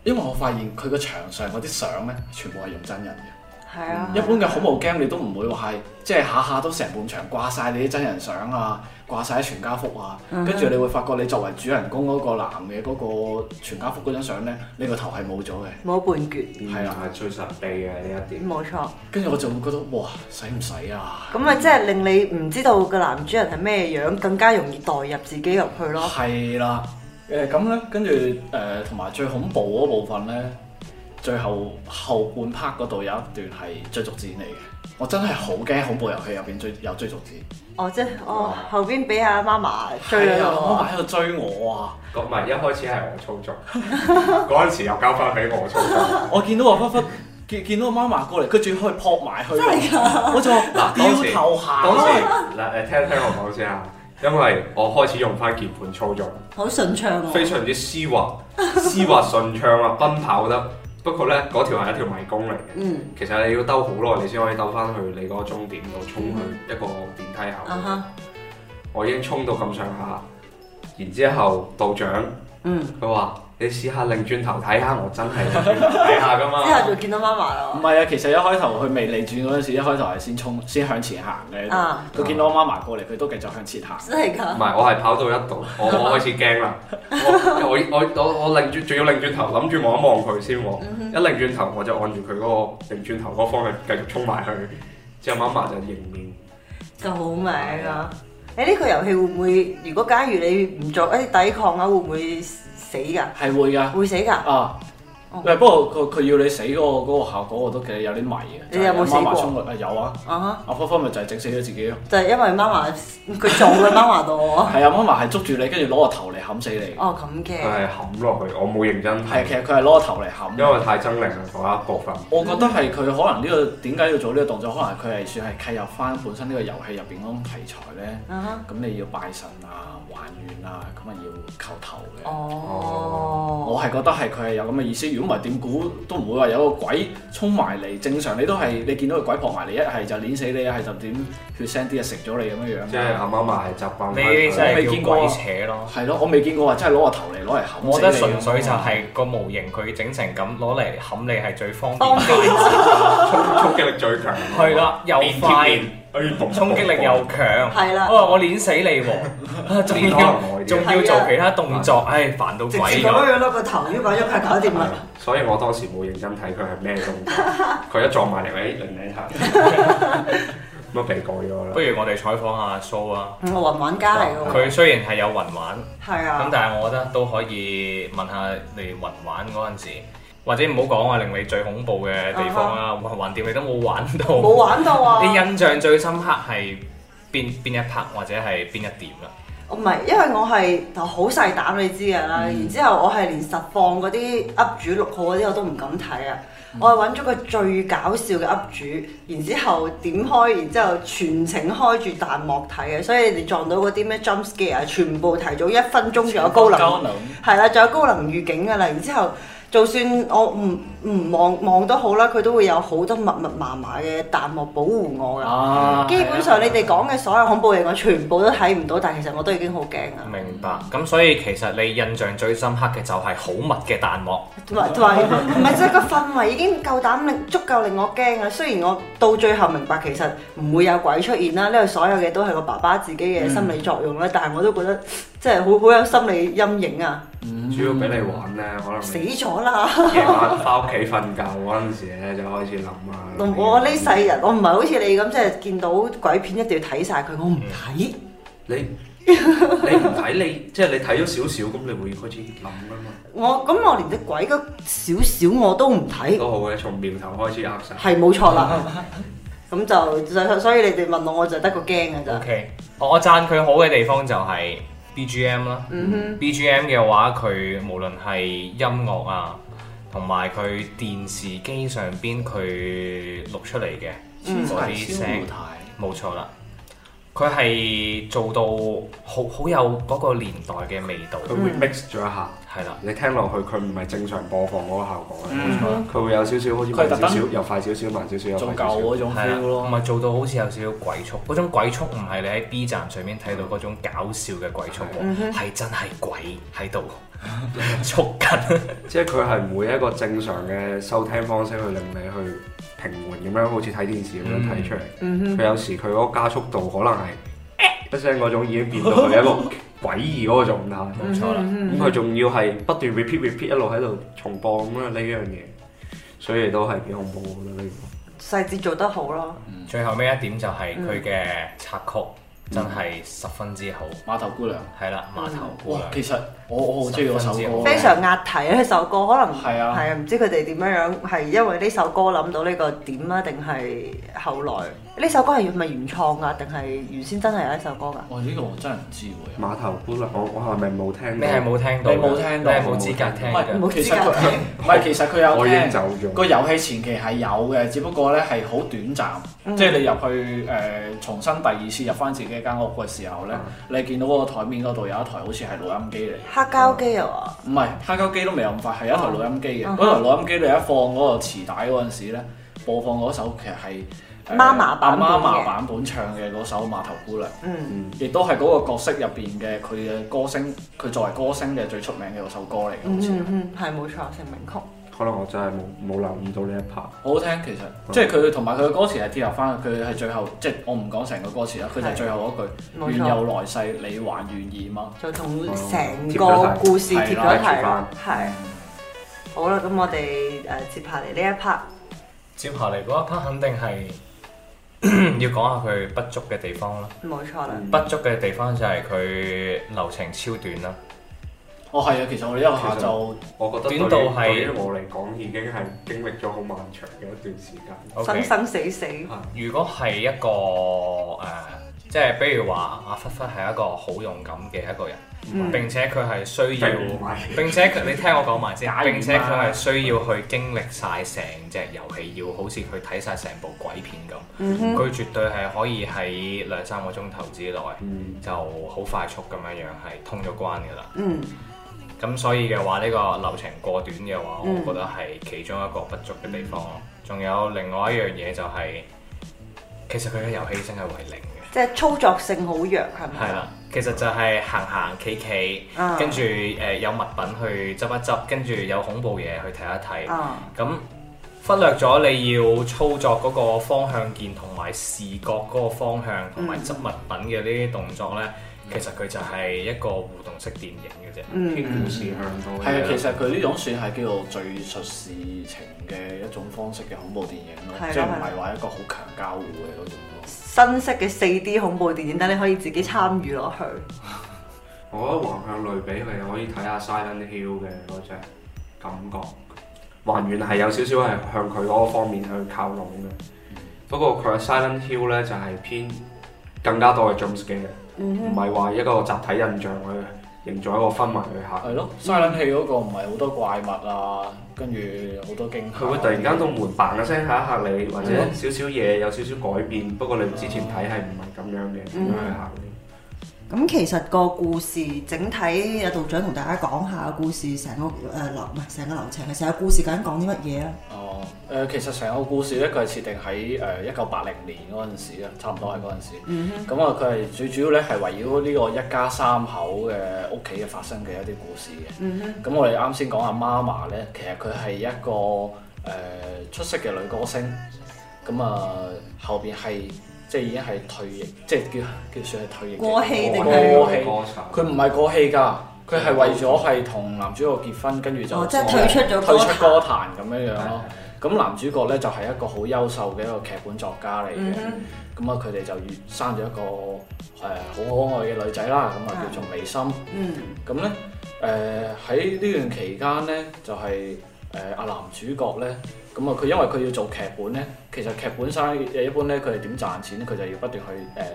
因為我發現佢個牆上嗰啲相呢，全部係用真人嘅。係啊，嗯、一般嘅恐怖 game 你都唔會話係，即係下下都成半場掛晒你啲真人相啊，掛晒全家福啊，跟住、嗯、你會發覺你作為主人公嗰個男嘅嗰個全家福嗰張相咧，你個頭係冇咗嘅，冇半橛。係啊，係、嗯、最神秘嘅呢一點。冇錯。跟住我就會覺得，哇，使唔使啊？咁咪即係令你唔知道個男主人係咩樣，更加容易代入自己入去咯。係啦，誒咁咧，跟住誒同埋最恐怖嗰部分咧。最後後半 part 嗰度有一段係追逐戰嚟嘅，我真係好驚恐怖遊戲入邊追有追逐戰。哦，即係哦，後邊俾阿媽咪追啊！媽咪喺度追我啊！咁唔係一開始係我操作，嗰陣時又交翻俾我操作。我見到我忽忽見見到我媽咪過嚟，佢仲要可以撲埋去。真係啊！我做嗱掉頭行。嗱誒，聽聽我講先啊，因為我開始用翻鍵盤操作，好順暢，非常之絲滑，絲滑順暢啊，奔跑得。不過咧，嗰條係一條迷宮嚟嘅，嗯、其實你要兜好耐，你先可以兜翻去你嗰個終點度，衝去一個電梯口。嗯、我已經衝到咁上下，然之後道長，嗯，佢話。你試下擰轉頭睇下，我真係睇下噶嘛。之後就見到媽咪咯。唔係啊，其實一開頭佢未擰轉嗰陣時，一開頭係先衝，先向前行嘅。啊！佢見到我媽咪過嚟，佢都繼續向前行。真係㗎？唔係我係跑到一度，我開始驚啦。 我我我我擰轉，仲要擰轉頭，諗住望一望佢先喎。嗯、哼一擰轉頭，我就按住佢嗰個擰轉頭嗰方向繼續衝埋去。之、嗯、哼後媽咪就迎面，救命啊！誒呢、欸呢個遊戲會唔會？如果假如你唔做一啲抵抗啊，會唔會？死噶，係會噶，會死噶。啊，喂，不過佢佢要你死嗰個個效果，我都其實有啲迷嘅。你有冇死過？啊有啊。啊哈，阿咪就係整死咗自己咯。就係因為媽媽佢做嘅媽媽多。係啊，媽媽係捉住你，跟住攞個頭嚟冚死你。哦，咁嘅。佢係冚落去，我冇認真。係，其實佢係攞個頭嚟冚。因為太猙獰啦，嗰一部分。我覺得係佢可能呢個點解要做呢個動作，可能佢係算係契入翻本身呢個遊戲入邊嗰種題材咧。啊咁你要拜神啊？還原啦，咁啊要扣頭嘅、哦嗯。我係覺得係佢係有咁嘅意思。如果唔係點估都唔會話有個鬼衝埋嚟。正常你都係你見到個鬼撲埋嚟，一係就捏死你，一係就點血腥啲啊食咗你咁樣樣。即係啱唔啱係習慣？你真係未見過。嗯、鬼扯咯，係咯，我未見過話真係攞個頭嚟攞嚟冚你。我覺得純粹就係個模型，佢整成咁攞嚟冚你係最方便。衝衝、oh, no. 擊力最強。係啦， 又一快。一一衝擊力又強，我話我捻死你喎！仲要仲要做其他動作，唉煩到鬼咁樣。直接攞個頭喐一喐就搞掂啦。所以我當時冇認真睇佢係咩動作，佢一撞埋嚟，哎你零散。乜被改咗啦？不如我哋採訪下阿蘇啊！我雲玩家嚟喎。佢雖然係有雲玩，係啊，咁但係我覺得都可以問下你雲玩嗰陣時。或者唔好講啊，令你最恐怖嘅地方啦，橫掂、uh huh. 你都冇玩到，冇玩到啊！ 你印象最深刻係邊邊一 part 或者係邊一點啦？我唔係，因為我係好細膽，你知㗎啦。嗯、然後之後我係連實況嗰啲 up 主錄好嗰啲我都唔敢睇啊！嗯、我係揾咗個最搞笑嘅 up 主，然後之後點開，然之後全程開住彈幕睇嘅，所以你撞到嗰啲咩 jump scare，全部提早一分鐘仲有高能，係啦，仲有高能預警㗎啦。然後之後就算我唔唔望望都好啦，佢都會有好多密密麻麻嘅彈幕保護我㗎。啊、基本上的你哋講嘅所有恐怖嘅嘢，我全部都睇唔到，但係其實我都已經好驚噶。明白，咁所以其實你印象最深刻嘅就係好密嘅彈幕，同埋唔係即係個氛圍已經夠膽令足夠令我驚啊！雖然我到最後明白其實唔會有鬼出現啦，呢個所有嘢都係我爸爸自己嘅心理作用啦，嗯、但係我都覺得即係好好有心理陰影啊！嗯、主要俾你玩咧，可能死咗啦。夜晚翻屋企瞓覺嗰陣時咧，就開始諗啊。 我呢世人，我唔係好似你咁，即係見到鬼片一定要睇晒佢，我唔睇、嗯。你你唔睇 你，即係你睇咗少少，咁你會開始諗啊嘛。我咁我連隻鬼嘅少少我都唔睇。都好嘅，從苗頭開始噏曬。係冇 錯啦。咁就所以你哋問我，我就得個驚㗎咋。O、okay. K，我我讚佢好嘅地方就係、是。BGM 啦、mm hmm.，BGM 嘅話，佢無論係音樂啊，同埋佢電視機上邊，佢錄出嚟嘅嗰啲聲，冇錯、嗯、啦，佢係做到好好有嗰個年代嘅味道。佢會 mix 咗一下。嗯係啦，你聽落去佢唔係正常播放嗰個效果嘅，佢會有少少好似慢少少，又快少少，慢少少又快少少，係啊，同埋做到好似有少少鬼速，嗰種鬼速唔係你喺 B 站上面睇到嗰種搞笑嘅鬼速喎，係真係鬼喺度速緊，即係佢係冇一個正常嘅收聽方式去令你去平緩咁樣，好似睇電視咁樣睇出嚟。佢有時佢嗰個加速度可能係一聲嗰種已經變到係一個。詭異嗰個狀態，冇錯啦。咁佢仲要係不斷 repeat repeat，一路喺度重播咁樣呢樣嘢，所以都係幾恐怖，我覺得呢個細節做得好咯。嗯、最後尾一點就係佢嘅插曲，真係十分之好。碼頭姑娘係啦，碼、嗯、頭姑娘。姑娘的其實我我好中意嗰首歌。非常壓題呢、啊、首歌，可能係啊，係啊，唔知佢哋點樣樣，係因為呢首歌諗到呢個點啊，定係後來。呢首歌係咪原創啊？定係原先真係有一首歌噶？我呢個我真係唔知喎。碼頭本啦，我我係咪冇聽到？咩係冇聽到？你冇聽定係冇資格聽？唔係，其實佢唔係，其實佢有聽。我已個遊戲前期係有嘅，只不過咧係好短暫，即係你入去誒重新第二次入翻自己間屋嘅時候咧，你見到嗰個台面嗰度有一台好似係錄音機嚟。黑膠機啊？唔係黑膠機都未有咁快，係一台錄音機嘅。嗰台錄音機你一放嗰個磁帶嗰陣時咧，播放嗰首其實係。媽媽版本唱嘅嗰首《碼頭姑娘》，嗯，亦都係嗰個角色入邊嘅佢嘅歌星，佢作為歌星嘅最出名嘅嗰首歌嚟嘅，好似係冇錯成名曲。可能我真係冇冇留意到呢一 part。好好聽，其實即係佢同埋佢嘅歌詞係貼合翻，佢係最後，即係我唔講成個歌詞啦，佢就係最後嗰句，願有來世你還願意嗎？就同成個故事貼咗一題。好啦，咁我哋誒接下嚟呢一 part，接下嚟嗰一 part 肯定係。要講下佢不足嘅地方啦，冇錯啦。不足嘅地方就係佢流程超短啦。哦，係啊，其實我呢一下就實我覺得短到係對於我嚟講已經係經歷咗好漫長嘅一段時間。Okay, 生生死死，死。的如果係一個誒、呃，即係比如話阿狒狒係一個好勇敢嘅一個人。嗯、並且佢係需要，嗯、並且佢 你聽我講埋先，並且佢係需要去經歷晒成隻遊戲，要好似去睇晒成部鬼片咁。佢、嗯、哼絕對係可以喺兩三個鐘頭之內，就好快速咁樣樣係通咗關㗎啦。咁、嗯、所以嘅話，呢個流程過短嘅話，我覺得係其中一個不足嘅地方。仲、嗯、有另外一樣嘢就係、是，其實佢嘅遊戲真係為零嘅，即係操作性好弱，係咪？係啦。其實就係行行企企，跟住誒有物品去執一執，跟住有恐怖嘢去睇一睇。咁忽略咗你要操作嗰個方向鍵同埋視覺嗰個方向同埋執物品嘅呢啲動作呢，其實佢就係一個互動式電影嘅啫、嗯嗯。嗯，故事向多啲，係啊，其實佢呢種算係叫做敍述事情嘅一種方式嘅恐怖電影咯，嗯嗯、即係唔係話一個好強交互嘅嗰種咯。新式嘅四 D 恐怖電影，等你可以自己參與落去。我覺得橫向類比，你可以睇下 Silent Hill 嘅嗰隻感覺，還原係有少少係向佢嗰個方面去靠攏嘅。不過佢嘅 Silent Hill 咧就係偏更加多嘅 jumpscare，唔係話一個集體印象去營造一個氛圍去嚇。係咯，Silent Hill 嗰個唔係好多怪物啊。跟住好多驚嚇，佢會突然間個門 bang 嘅聲嚇一嚇你，或者少少嘢有少少改變，嗯、不過你之前睇係唔係咁樣嘅，咁樣去行。嗯咁其實個故事整體阿道長同大家講下故事成個誒流唔係成個流程嘅，成個故事究竟講啲乜嘢啊？哦，誒、呃、其實成個故事咧，佢係設定喺誒一九八零年嗰陣時，差唔多喺嗰陣時。咁啊，佢係最主要咧係圍繞呢個一家三口嘅屋企嘅發生嘅一啲故事嘅。咁、嗯、哼我哋啱先講下媽媽咧，其實佢係一個誒、呃、出色嘅女歌星。咁、嗯、啊、呃，後邊係。即係已經係退役，即係叫叫算係退役，過氣定過氣戲，歌手，佢唔係過氣㗎，佢係、嗯、為咗係同男主角結婚，跟住就退、哦、出咗退出歌壇咁樣樣咯。咁、嗯嗯嗯、男主角咧就係、是、一個好優秀嘅一個劇本作家嚟嘅。咁啊、嗯，佢哋就生咗一個誒好、呃、可愛嘅女仔啦。咁啊，叫做美心嗯。嗯。咁咧誒喺呢、呃、段期間咧就係、是。誒阿男主角咧，咁啊佢因為佢要做劇本咧，其實劇本生誒一般咧，佢係點賺錢？佢就要不斷去誒、呃、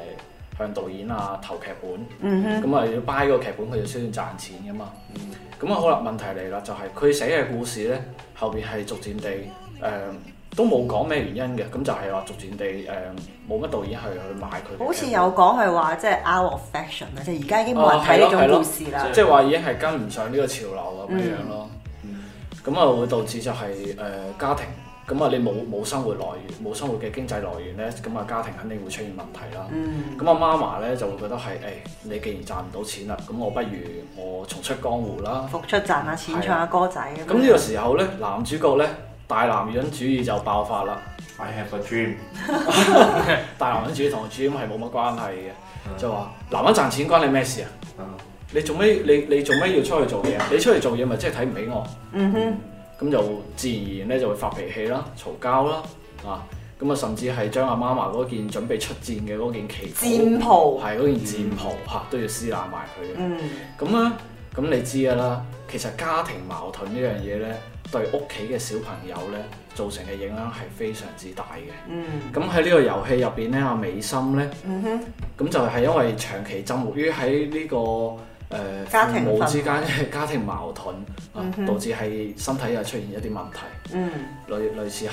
向導演啊投劇本。咁啊要 buy 個劇本，佢就先賺錢噶嘛。咁、嗯、啊、嗯嗯、好啦，問題嚟啦，就係、是、佢寫嘅故事咧，後邊係逐漸地誒、呃、都冇講咩原因嘅，咁就係話逐漸地誒冇乜導演係去買佢。好似有講係話即 out of fashion 啊，就而家已經冇人睇呢種故事啦。即係話已經係跟唔上呢個潮流咁樣咯。嗯咁啊，會導致就係誒家庭，咁啊你冇冇生活來源，冇生活嘅經濟來源呢？咁啊家庭肯定會出現問題啦。咁阿、嗯、媽咪呢，就會覺得係誒、欸，你既然賺唔到錢啦，咁我不如我重出江湖啦，復出賺下錢，嗯啊、唱下歌仔。咁呢個時候呢，男主角呢，大男人主義就爆發啦。I have a dream。 大男人主義同 dream 係冇乜關係嘅，嗯、就話男人賺錢關你咩事啊？你做咩？你你做咩要出去做嘢、啊？你出去做嘢咪即係睇唔起我？嗯哼、mm，咁、hmm. 就自然而然咧就會發脾氣啦、嘈交啦，啊，咁啊甚至係將阿媽媽嗰件準備出戰嘅嗰件旗，戰袍泡，係嗰件戰袍嚇、mm hmm. 啊、都要撕爛埋佢嘅。嗯、mm，咁、hmm. 咧、啊，咁你知㗎啦，其實家庭矛盾呢樣嘢咧，對屋企嘅小朋友咧造成嘅影響係非常之大嘅。嗯、mm，咁喺呢個遊戲入邊咧，阿美心咧，哼、mm，咁、hmm. 就係因為長期浸沒於喺呢、這個。誒父母之間嘅家庭矛盾啊，嗯、哼導致係身體又出現一啲問題，類、嗯、類似係誒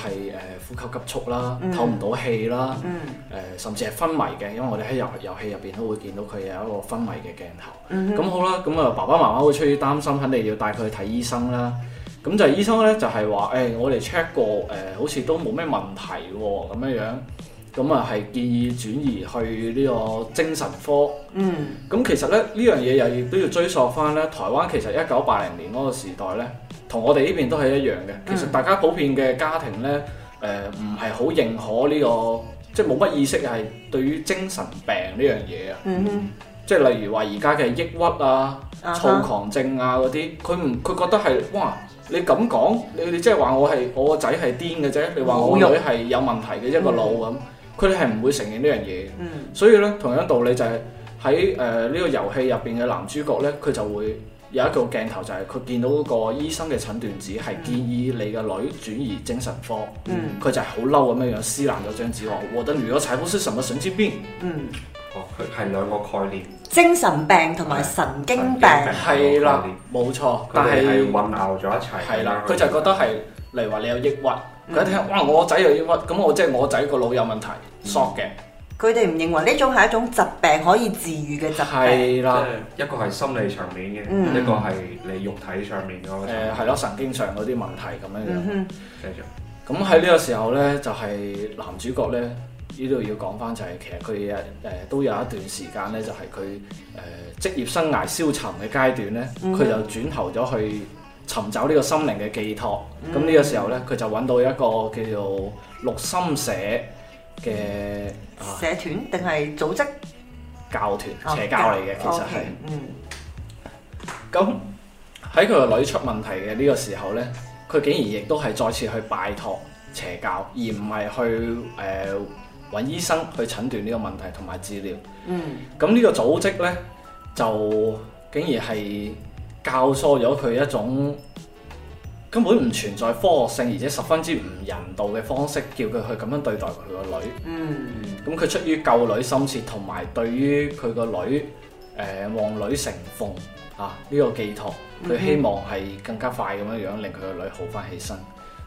呼吸急促啦，透唔、嗯、到氣啦，誒、嗯、甚至係昏迷嘅，因為我哋喺遊遊戲入邊都會見到佢有一個昏迷嘅鏡頭。咁、嗯、哼好啦，咁啊爸爸媽媽會出於擔心，肯定要帶佢去睇醫生啦。咁就醫生咧就係、是、話：誒、哎、我哋 check 過誒、呃，好似都冇咩問題喎，咁樣樣。咁啊，係建議轉移去呢個精神科。嗯。咁其實咧，呢樣嘢又亦都要追溯翻咧。台灣其實一九八零年嗰個時代咧，同我哋呢邊都係一樣嘅。其實大家普遍嘅家庭咧，誒唔係好認可呢個，即係冇乜意識係對於精神病呢樣嘢啊。嗯哼。即係例如話而家嘅抑鬱啊、躁狂症啊嗰啲，佢唔佢覺得係哇，你咁講，你你即係話我係我個仔係癲嘅啫，你話我，我，我女係有問題嘅一個腦咁。嗯佢哋係唔會承認呢樣嘢，嗯、所以咧同樣道理就係喺誒呢個遊戲入邊嘅男主角咧，佢就會有一個鏡頭就係佢見到個醫生嘅診斷紙係建議你嘅女轉移精神科，佢、嗯嗯、就係好嬲咁樣樣撕爛咗張紙話：我等如果踩不司神唔神之邊？嗯，哦，佢係兩個概念，精神病同埋神經病，係啦對，冇錯，但係是混淆咗一齊，係啦，佢就覺得係例如話你有抑鬱。佢一聽，哇！我仔又抑鬱，咁我即係我仔個腦有問題 short 嘅、嗯。佢哋唔認為呢種係一種疾病可以治愈嘅疾病。係啦的，一個係心理上面嘅，嗯、一個係你肉體上面嗰個。係咯、呃，神經上嗰啲問題咁樣樣。繼續、嗯哼。咁喺呢個時候咧，就係、是、男主角咧，呢度要講翻就係其實佢誒都有一段時間咧，就係佢誒職業生涯消沉嘅階段咧，佢、嗯、就轉頭咗去。尋找呢個心靈嘅寄託，咁呢個時候呢，佢就揾到一個叫做六心社嘅、啊、社團，定係組織教團邪、哦、教嚟嘅，其實係。嗯。咁喺佢個女出問題嘅呢個時候呢，佢竟然亦都係再次去拜託邪教，而唔係去誒揾、呃、醫生去診斷呢個問題同埋治療。嗯。咁呢個組織呢，就竟然係。教唆咗佢一種根本唔存在科學性，而且十分之唔人道嘅方式，叫佢去咁樣對待佢個女。嗯，咁佢、嗯、出於救女心切，同埋對於佢個女誒望、呃、女成鳳啊呢、這個寄託，佢希望係更加快咁樣樣令佢個女好返起身，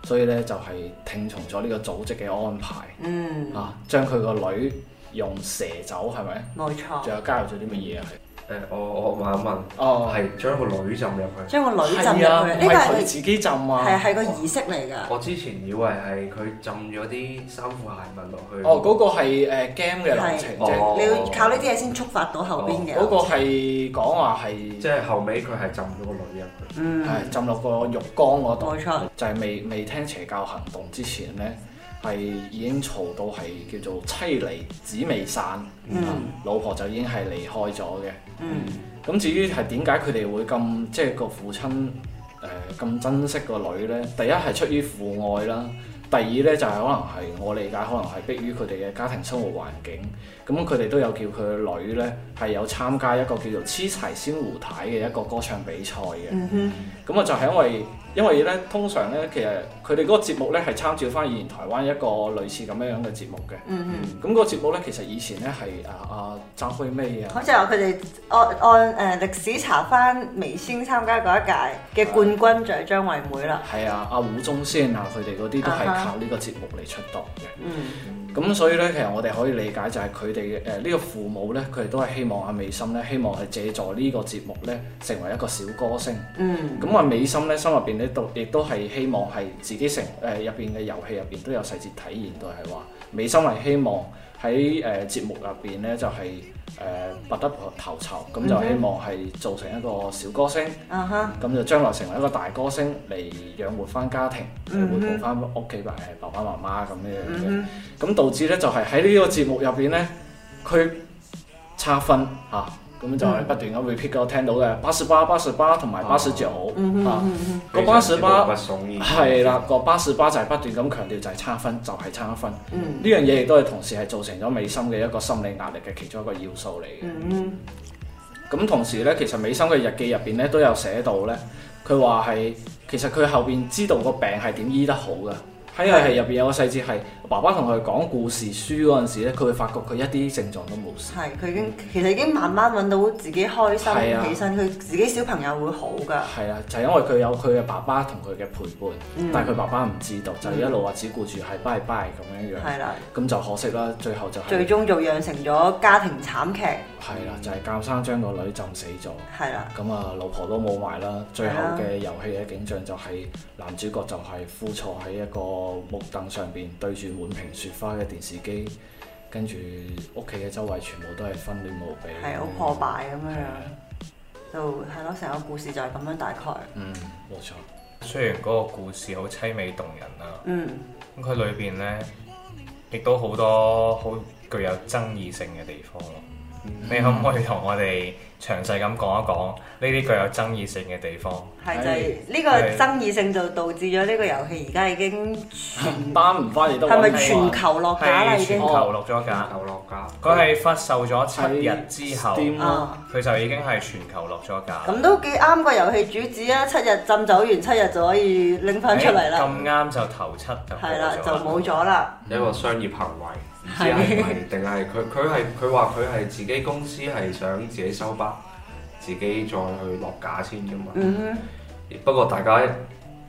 所以咧就係、是、聽從咗呢個組織嘅安排。嗯，啊，將佢個女用蛇走，係咪？冇錯。仲有加入咗啲乜嘢啊？誒，我我問一問，係、哦、將個女浸入去，將個女浸入去，呢個係佢自己浸啊？係係個儀式嚟㗎。我之前以為係佢浸咗啲衫褲鞋襪落去。哦，嗰、那個係誒 game 嘅流程，你要靠呢啲嘢先觸發到後邊嘅。嗰、哦那個係講話係，即係後尾佢係浸咗個女入去，係浸落個浴缸嗰度，冇錯就係未未聽邪教行動之前咧。係已經嘈到係叫做妻離子未散，mm. 老婆就已經係離開咗嘅。咁、mm. 嗯、至於係點解佢哋會咁，即係個父親誒咁、呃、珍惜個女呢？第一係出於父愛啦，第二呢就係、是、可能係我理解可能係迫於佢哋嘅家庭生活環境。咁佢哋都有叫佢個女呢，係有參加一個叫做《痴才仙湖太》嘅一個歌唱比賽嘅。咁啊、mm hmm. 就係因為。因為咧，通常咧，其實佢哋嗰個節目咧係參照翻以前台灣一個類似咁樣樣嘅節目嘅。嗯哼嗯。咁、嗰個節目咧，其實以前咧係啊啊，美啊，啊張惠妹、嗯、啊。好似話佢哋按按誒歷史查翻，微星參加嗰一屆嘅冠軍就係張惠妹啦。係啊，阿胡宗賢啊，佢哋嗰啲都係靠呢個節目嚟出道嘅。嗯。咁所以咧，其實我哋可以理解就係佢哋誒呢個父母咧，佢哋都係希望阿美心咧，希望係借助呢個節目咧，成為一個小歌星。嗯，咁阿美心咧心入邊咧，亦都係希望係自己成誒入邊嘅遊戲入邊都有細節體現到係話，美心係希望，喺誒、呃、節目入邊咧，就係、是、誒、呃、拔得頭籌，咁就希望係做成一個小歌星，咁、uh huh. 就將來成為一個大歌星嚟養活翻家庭，養活到翻屋企爸爸媽媽咁樣嘅，咁、uh huh. 導致咧就係喺呢個節目入邊咧，佢差分嚇。啊咁就係不斷咁 repeat 我聽到嘅巴士巴，巴士巴同埋巴士最好啊，個巴士巴，係啦，個、啊嗯嗯、巴士巴就係不斷咁強調就係差分，就係、是、差分。呢、嗯、樣嘢亦都係同時係造成咗美心嘅一個心理壓力嘅其中一個要素嚟嘅。咁、嗯嗯、同時咧，其實美心嘅日記入邊咧都有寫到咧，佢話係其實佢後邊知道個病係點醫得好㗎，喺佢係入邊有個細節係。爸爸同佢講故事書嗰陣時咧，佢會發覺佢一啲症狀都冇晒。係，佢已經、嗯、其實已經慢慢揾到自己開心、啊、起身，佢自己小朋友會好噶。係啊，就係、是、因為佢有佢嘅爸爸同佢嘅陪伴，嗯、但係佢爸爸唔知道，就是、一路話只顧住係拜拜咁樣樣係啦。咁、嗯、就可惜啦，最後就係、是。最終就釀成咗家庭慘劇係啦，就係、是、監生將個女浸死咗。係啦。咁啊，老婆都冇埋啦。最後嘅遊戲嘅景象就係男主角就係枯坐喺一個木凳上邊對住。滿屏雪花嘅電視機，跟住屋企嘅周圍全部都係紛亂無比，係、 嗯、好破敗咁樣， 就係咯，成個故事就係咁樣大概。嗯，冇錯。雖然嗰個故事好淒美動人啦，嗯，咁佢裏邊咧亦都好多好具有爭議性嘅地方。你可唔可以同我哋詳細咁講一講呢啲具有爭議性嘅地方？係就係、是、呢個爭議性就導致咗呢個遊戲而家已經全班唔翻，而 都係咪全球落架啦？已經全球落咗架，全球落架。佢係、哦、發售咗七日之後，佢就已經係全球落咗架。咁都幾啱個遊戲主旨啊！七日浸走完，七日就可以拎翻出嚟啦。咁啱就頭七就係啦，就冇咗啦。一個商業行為。係唔係？定係佢？佢係佢話佢係自己公司係想自己收包，自己再去落架先啫嘛。Mm-hmm. 不過大家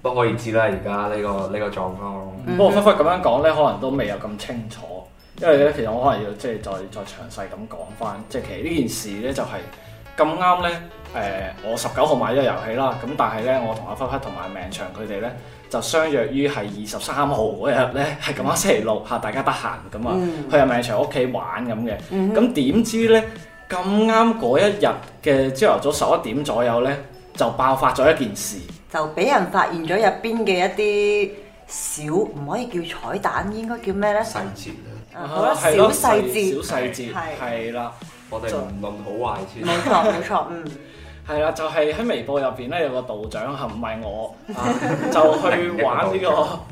不可以知啦、這個，而家呢個呢個狀況。Mm-hmm. 不過輝輝咁樣講咧，可能都未有咁清楚，因為咧其實我可能要即係再再詳細咁講翻，即係其實呢件事咧就係咁啱咧。誒，我十九號買咗遊戲啦，咁但係咧，我同阿輝輝同埋明祥佢哋咧，就相約於係二十三號嗰日咧，係咁啱星期六嚇，大家得閒咁啊，去阿明祥屋企玩咁嘅。咁點、嗯、哼知咧，咁啱嗰一日嘅朝頭早十一點左右咧，就爆發咗一件事，就俾人發現咗入邊嘅一啲小唔可以叫彩蛋，應該叫咩咧？細節啦，我覺得小細節，啊、小，小細節係啦，嗯、我哋唔論好壞先，冇錯冇錯，嗯。係啦，就係喺微博入邊咧，有個道長，係唔係我，就去玩呢個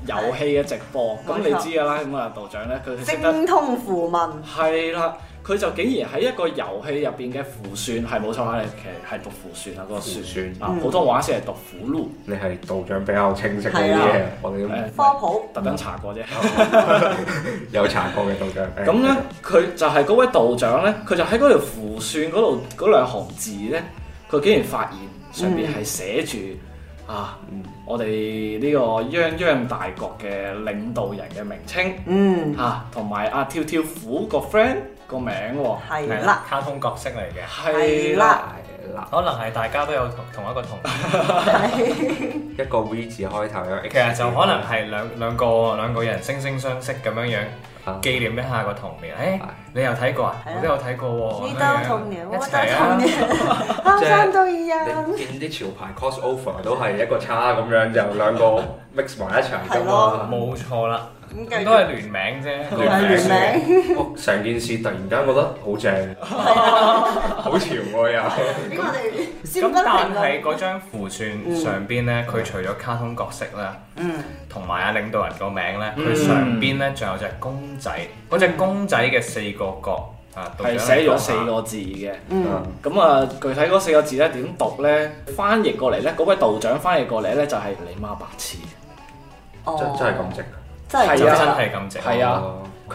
遊戲嘅直播。咁你知嘅啦，咁啊道長咧，佢識得精通符文。係啦，佢就竟然喺一個遊戲入邊嘅符算，係冇錯，你其實係讀符算啊，嗰個符算。普通話先係讀符箓。你係道長比較清晰啲嘅，我哋科普特登查過啫，有查過嘅道長。咁咧，佢就係嗰位道長咧，佢就喺嗰條符算嗰度嗰兩行字咧。佢竟然發現上邊係寫住、嗯、啊，嗯、我哋呢個泱泱大國嘅領導人嘅名稱，嚇、嗯，同埋阿跳跳虎個 friend 個名喎，係啦，係啦，卡通角色嚟嘅，係啦，係啦，係啦，可能係大家都有同一個同一個 V 字開頭，其實就可能係兩兩個兩個人惺惺相惜咁樣樣。紀念一下個童年，誒、哎、的你又睇過啊？我都的有睇過喎。嗯、童年，我都童年，三三 實到二人。見啲潮牌 crossover 都係一個叉咁樣，就兩個 mix 埋一齊㗎嘛，冇 錯啦。都係聯名啫，聯名。成、哦、件事突然間覺得好正， 好潮喎、啊、又。咁、 嗯、但係嗰張符篆上邊咧，佢除咗卡通角色啦，同埋啊領導人個名咧，佢上邊咧仲有隻公仔，嗰隻公仔嘅四個角啊，係寫咗四個字嘅。咁啊、嗯嗯，具體嗰四個字咧點讀咧？翻譯過嚟咧，嗰位道長翻譯過嚟咧就係你媽白痴，oh. 真真係咁直。真係真係咁正，佢、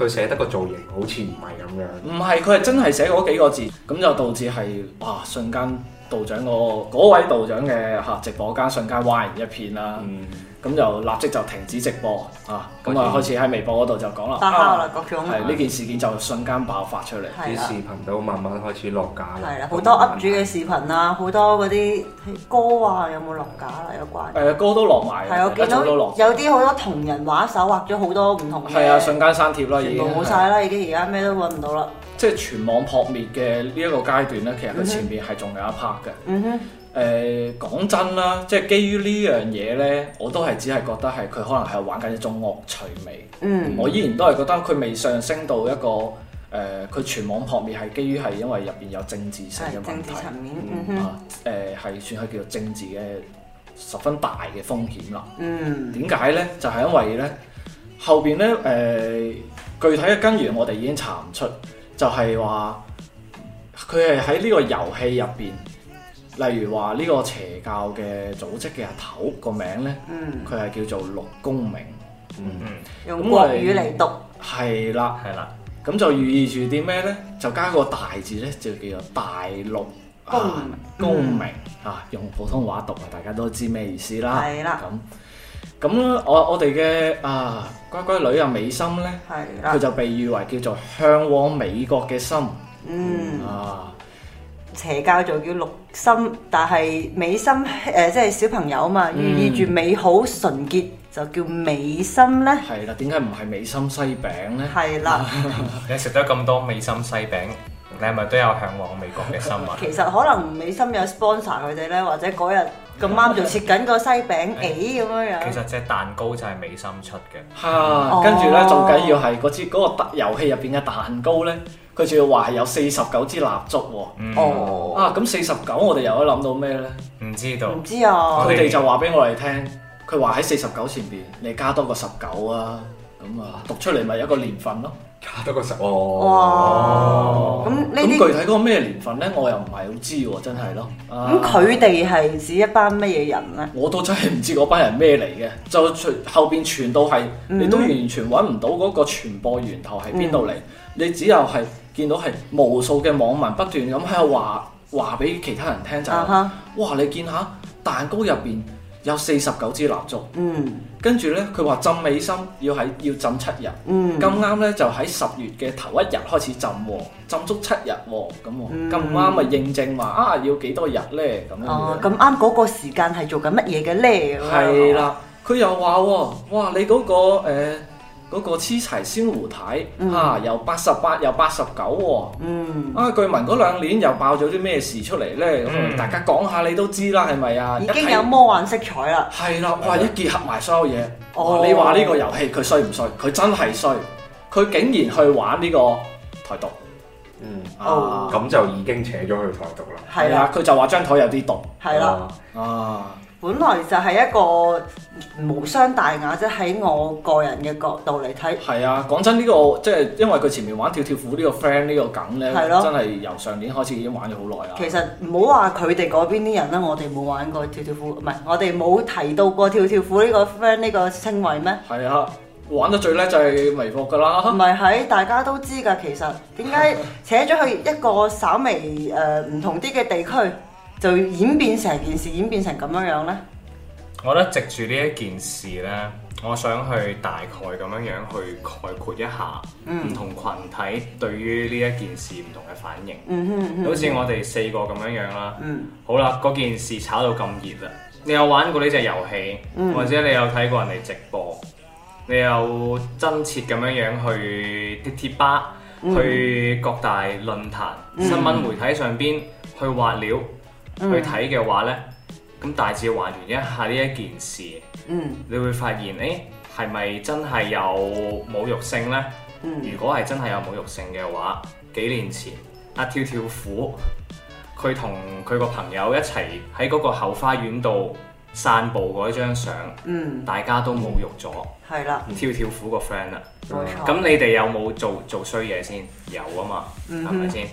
啊、寫得個造型好似唔係咁樣。唔係，佢係真係寫嗰幾個字，咁就導致係哇，瞬間道長個嗰位道長嘅嚇直播間瞬間嘩然一片啦。嗯。咁就立即就停止直播啊！咁啊開始喺微博嗰度就講啦，失係呢件事件就瞬間爆發出嚟，啲視頻都慢慢開始落架，係啦，好多 Up 主嘅視頻啊，好多嗰啲歌啊，有冇落架啦？有關誒歌都落埋，係我見到有啲好多同人畫手畫咗好多唔同，係啊瞬間刪貼啦，已經全部冇晒啦，已經而家咩都揾唔到啦。即係全網撲滅嘅呢一個階段咧，其實佢前面係仲有一 part 嘅。嗯哼。誒講、呃、真啦，即係基於呢樣嘢呢，我都係只係覺得係佢可能係玩緊一種惡趣味。嗯，我依然都係覺得佢未上升到一個誒，佢、呃、全網破滅係基於係因為入邊有政治性嘅問題。係政治層面，嗯哼，誒係算係叫做政治嘅、嗯嗯呃、十分大嘅風險啦。嗯，點解呢？就係、是、因為呢，後邊呢，誒、呃，具體嘅根源我哋已經查唔出，就係話佢係喺呢個遊戲入邊，例如話呢個邪教嘅組織嘅阿頭個名咧，佢係、嗯、叫做陸公明，咁我、嗯、用國語嚟讀，係啦、嗯，係啦，咁了了就寓意住啲咩咧？就加個大字咧，就叫做大陸公明名、嗯、啊，用普通話讀啊，大家都知咩意思啦。係啦了，咁咁我我哋嘅啊乖乖女阿美心咧，佢了就被譽為叫做向往美國嘅心啊。嗯嗯邪教就叫綠心，但係美心誒、呃，即係小朋友啊嘛，寓意住美好純潔，嗯、就叫美心咧。係啦，點解唔係美心西餅咧？係啦的， 你食咗咁多美心西餅，你係咪都有向往美國嘅心啊？ 其實可能美心有 sponsor 佢哋咧，或者嗰日咁啱就切緊個西餅，哎咁樣樣。其實隻蛋糕就係美心出嘅，嚇、啊！嗯、跟住咧，仲緊、哦、要係嗰支嗰個遊戲入邊嘅蛋糕咧。佢仲要話係有四十九支蠟燭喎、哦嗯，哦，啊，咁四十九我哋又可以諗到咩呢？唔知道，唔知啊。佢哋就話俾我哋聽，佢話喺四十九前邊，你加多個十九啊，咁啊讀出嚟咪有一個年份咯，加多個十哦，哇、哦，咁咁具體嗰個咩年份呢？我又唔係好知喎，真係咯。咁佢哋係指一班咩嘢人呢？我都真係唔知嗰班人咩嚟嘅，就傳後邊傳到係，你都完全揾唔到嗰個傳播源頭喺邊度嚟，你只有係。見到係無數嘅網民不斷咁喺度話話俾其他人聽就話、是，uh huh. 哇！你見下蛋糕入邊有四十九支蠟燭，嗯，um. 跟住呢，佢話浸美心要喺要浸七日，咁啱、um. 呢，就喺十月嘅頭一日開始浸，浸足七日喎，咁咁啱咪認證話啊要幾多日呢？」咁樣，咁啱嗰個時間係做緊乜嘢嘅呢？係啦了，佢哇又話喎，哇！你嗰、那個、欸嗰個黐柴仙狐太嚇，由八十八又八十九喎。嗯，啊，據聞嗰兩年又爆咗啲咩事出嚟呢？嗯、大家講下，你都知啦，係咪啊？已經有魔幻色彩啦。係啦，或一結合埋所有嘢。哦，說你話呢個遊戲佢衰唔衰？佢真係衰，佢竟然去玩呢個台獨。嗯，哦，咁、啊、就已經扯咗去台獨啦。係啊，佢就話張台有啲毒。係啦。啊。本來就係一個無傷大雅，即喺我個人嘅角度嚟睇。係啊，講真呢個即係因為佢前面玩跳跳虎呢個 friend 呢個梗咧，啊、真係由上年開始已經玩咗好耐啦。其實唔好話佢哋嗰邊啲人啦，我哋冇玩過跳跳虎，唔係我哋冇提到過跳跳虎呢個 friend 呢個稱謂咩？係啊，玩得最叻就係微博噶啦。唔係喺大家都知㗎，其實點解扯咗去一個稍微誒唔同啲嘅地區？就演變成件事，演變成咁樣樣咧。我覺得藉住呢一件事呢，我想去大概咁樣樣去概括一下唔同群體對於呢一件事唔同嘅反應。好似，嗯、我哋四個咁樣樣啦。嗯、好啦，嗰件事炒到咁熱啦。你有玩過呢隻遊戲，嗯、或者你有睇過人哋直播，你有真切咁樣樣去啲貼吧，嗯、哼哼哼去各大論壇，嗯、哼哼哼新聞媒體上邊去挖料。去睇嘅話咧，咁、嗯、大致還原一下呢一件事，嗯，你會發現誒係咪真係有侮辱性咧？嗯，如果係真係有侮辱性嘅話，幾年前阿、啊、跳跳虎佢同佢個朋友一齊喺嗰個後花園度散步嗰張相，嗯，大家都侮辱咗，係啦、嗯，跳跳虎個 friend 啦，咁、嗯、你哋有冇做做衰嘢先？有啊嘛，係咪先？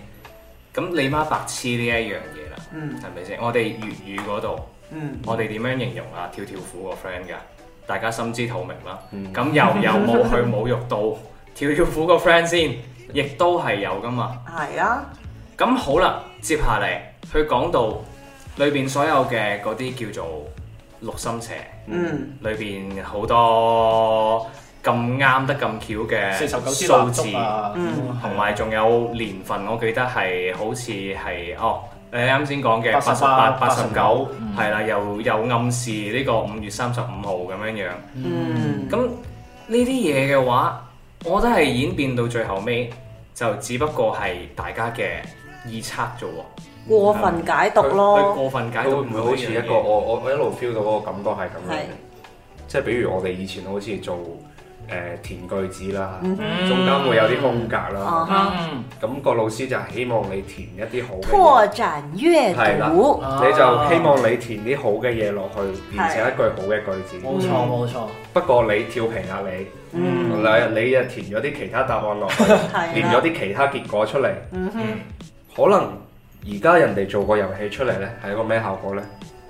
咁你媽白痴呢一樣嘢？嗯，係咪先？我哋粵語嗰度，嗯，我哋點樣形容啊？跳跳虎個 friend 嘅，大家心知肚明啦。咁又、嗯、有冇去侮辱到，跳跳虎個 friend 先，亦都係有噶嘛。係對啊。咁好啦，接下嚟佢講到裏邊所有嘅嗰啲叫做六心邪，嗯，裏邊好多咁啱得咁巧嘅四十九數字，同埋仲有年份，我記得係好似係哦。你啱先講嘅八十八、八十九，係啦，又又暗示呢個五月三十五號咁樣樣。嗯，咁呢啲嘢嘅話，我覺得係演變到最後尾，就只不過係大家嘅預測啫喎。過分解讀咯，過分解讀會唔會好似一個我我我一路 feel 到嗰個感覺係咁樣？是即係比如我哋以前好似做。誒、呃、填句子啦，mm hmm. 中間會有啲空格啦，咁、mm hmm. 個老師就希望你填一啲好，拓展閱讀，係啦，你就希望你填啲好嘅嘢落去，連成、mm hmm. 一句好嘅句子。冇錯冇錯。Hmm. 不過你調皮啊你，mm hmm. 你你又填咗啲其他答案落去，連咗啲其他結果出嚟、mm hmm. 嗯，可能而家人哋做個遊戲出嚟呢，係一個咩效果呢？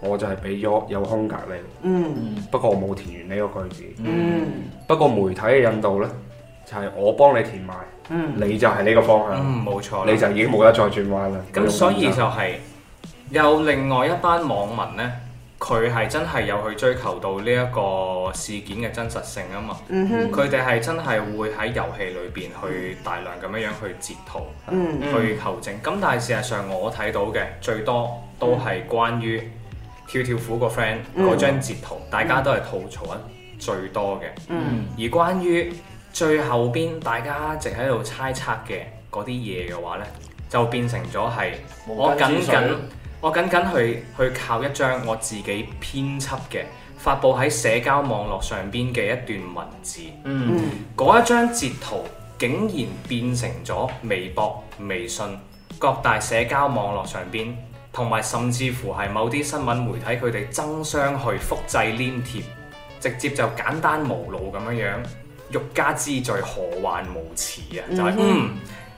我就係俾咗有空格你，嗯，不過我冇填完呢個句子，嗯，不過媒體嘅引導呢，就係、是、我幫你填埋，嗯、你就係呢個方向，冇、嗯、錯，你就已經冇得再轉彎啦。咁、嗯、所以就係、是、有另外一班網民呢，佢係真係有去追求到呢一個事件嘅真實性啊嘛，嗯哼、佢哋係真係會喺遊戲裏邊去大量咁樣樣去截圖，嗯嗯、去求證。咁但係事實上我睇到嘅最多都係關於。跳跳虎個 friend 嗰張截圖，大家都係吐槽得最多嘅。嗯，而關於最後邊大家一直喺度猜測嘅嗰啲嘢嘅話呢，就變成咗係我僅僅我僅僅去去靠一張我自己編輯嘅發佈喺社交網絡上邊嘅一段文字。嗯，嗰一張截圖竟然變成咗微博、微信各大社交網絡上邊。同埋甚至乎係某啲新聞媒體佢哋爭相去複製黏貼，直接就簡單無腦咁樣，欲加之罪何患無辭啊！Mm hmm. 就係、是、嗯，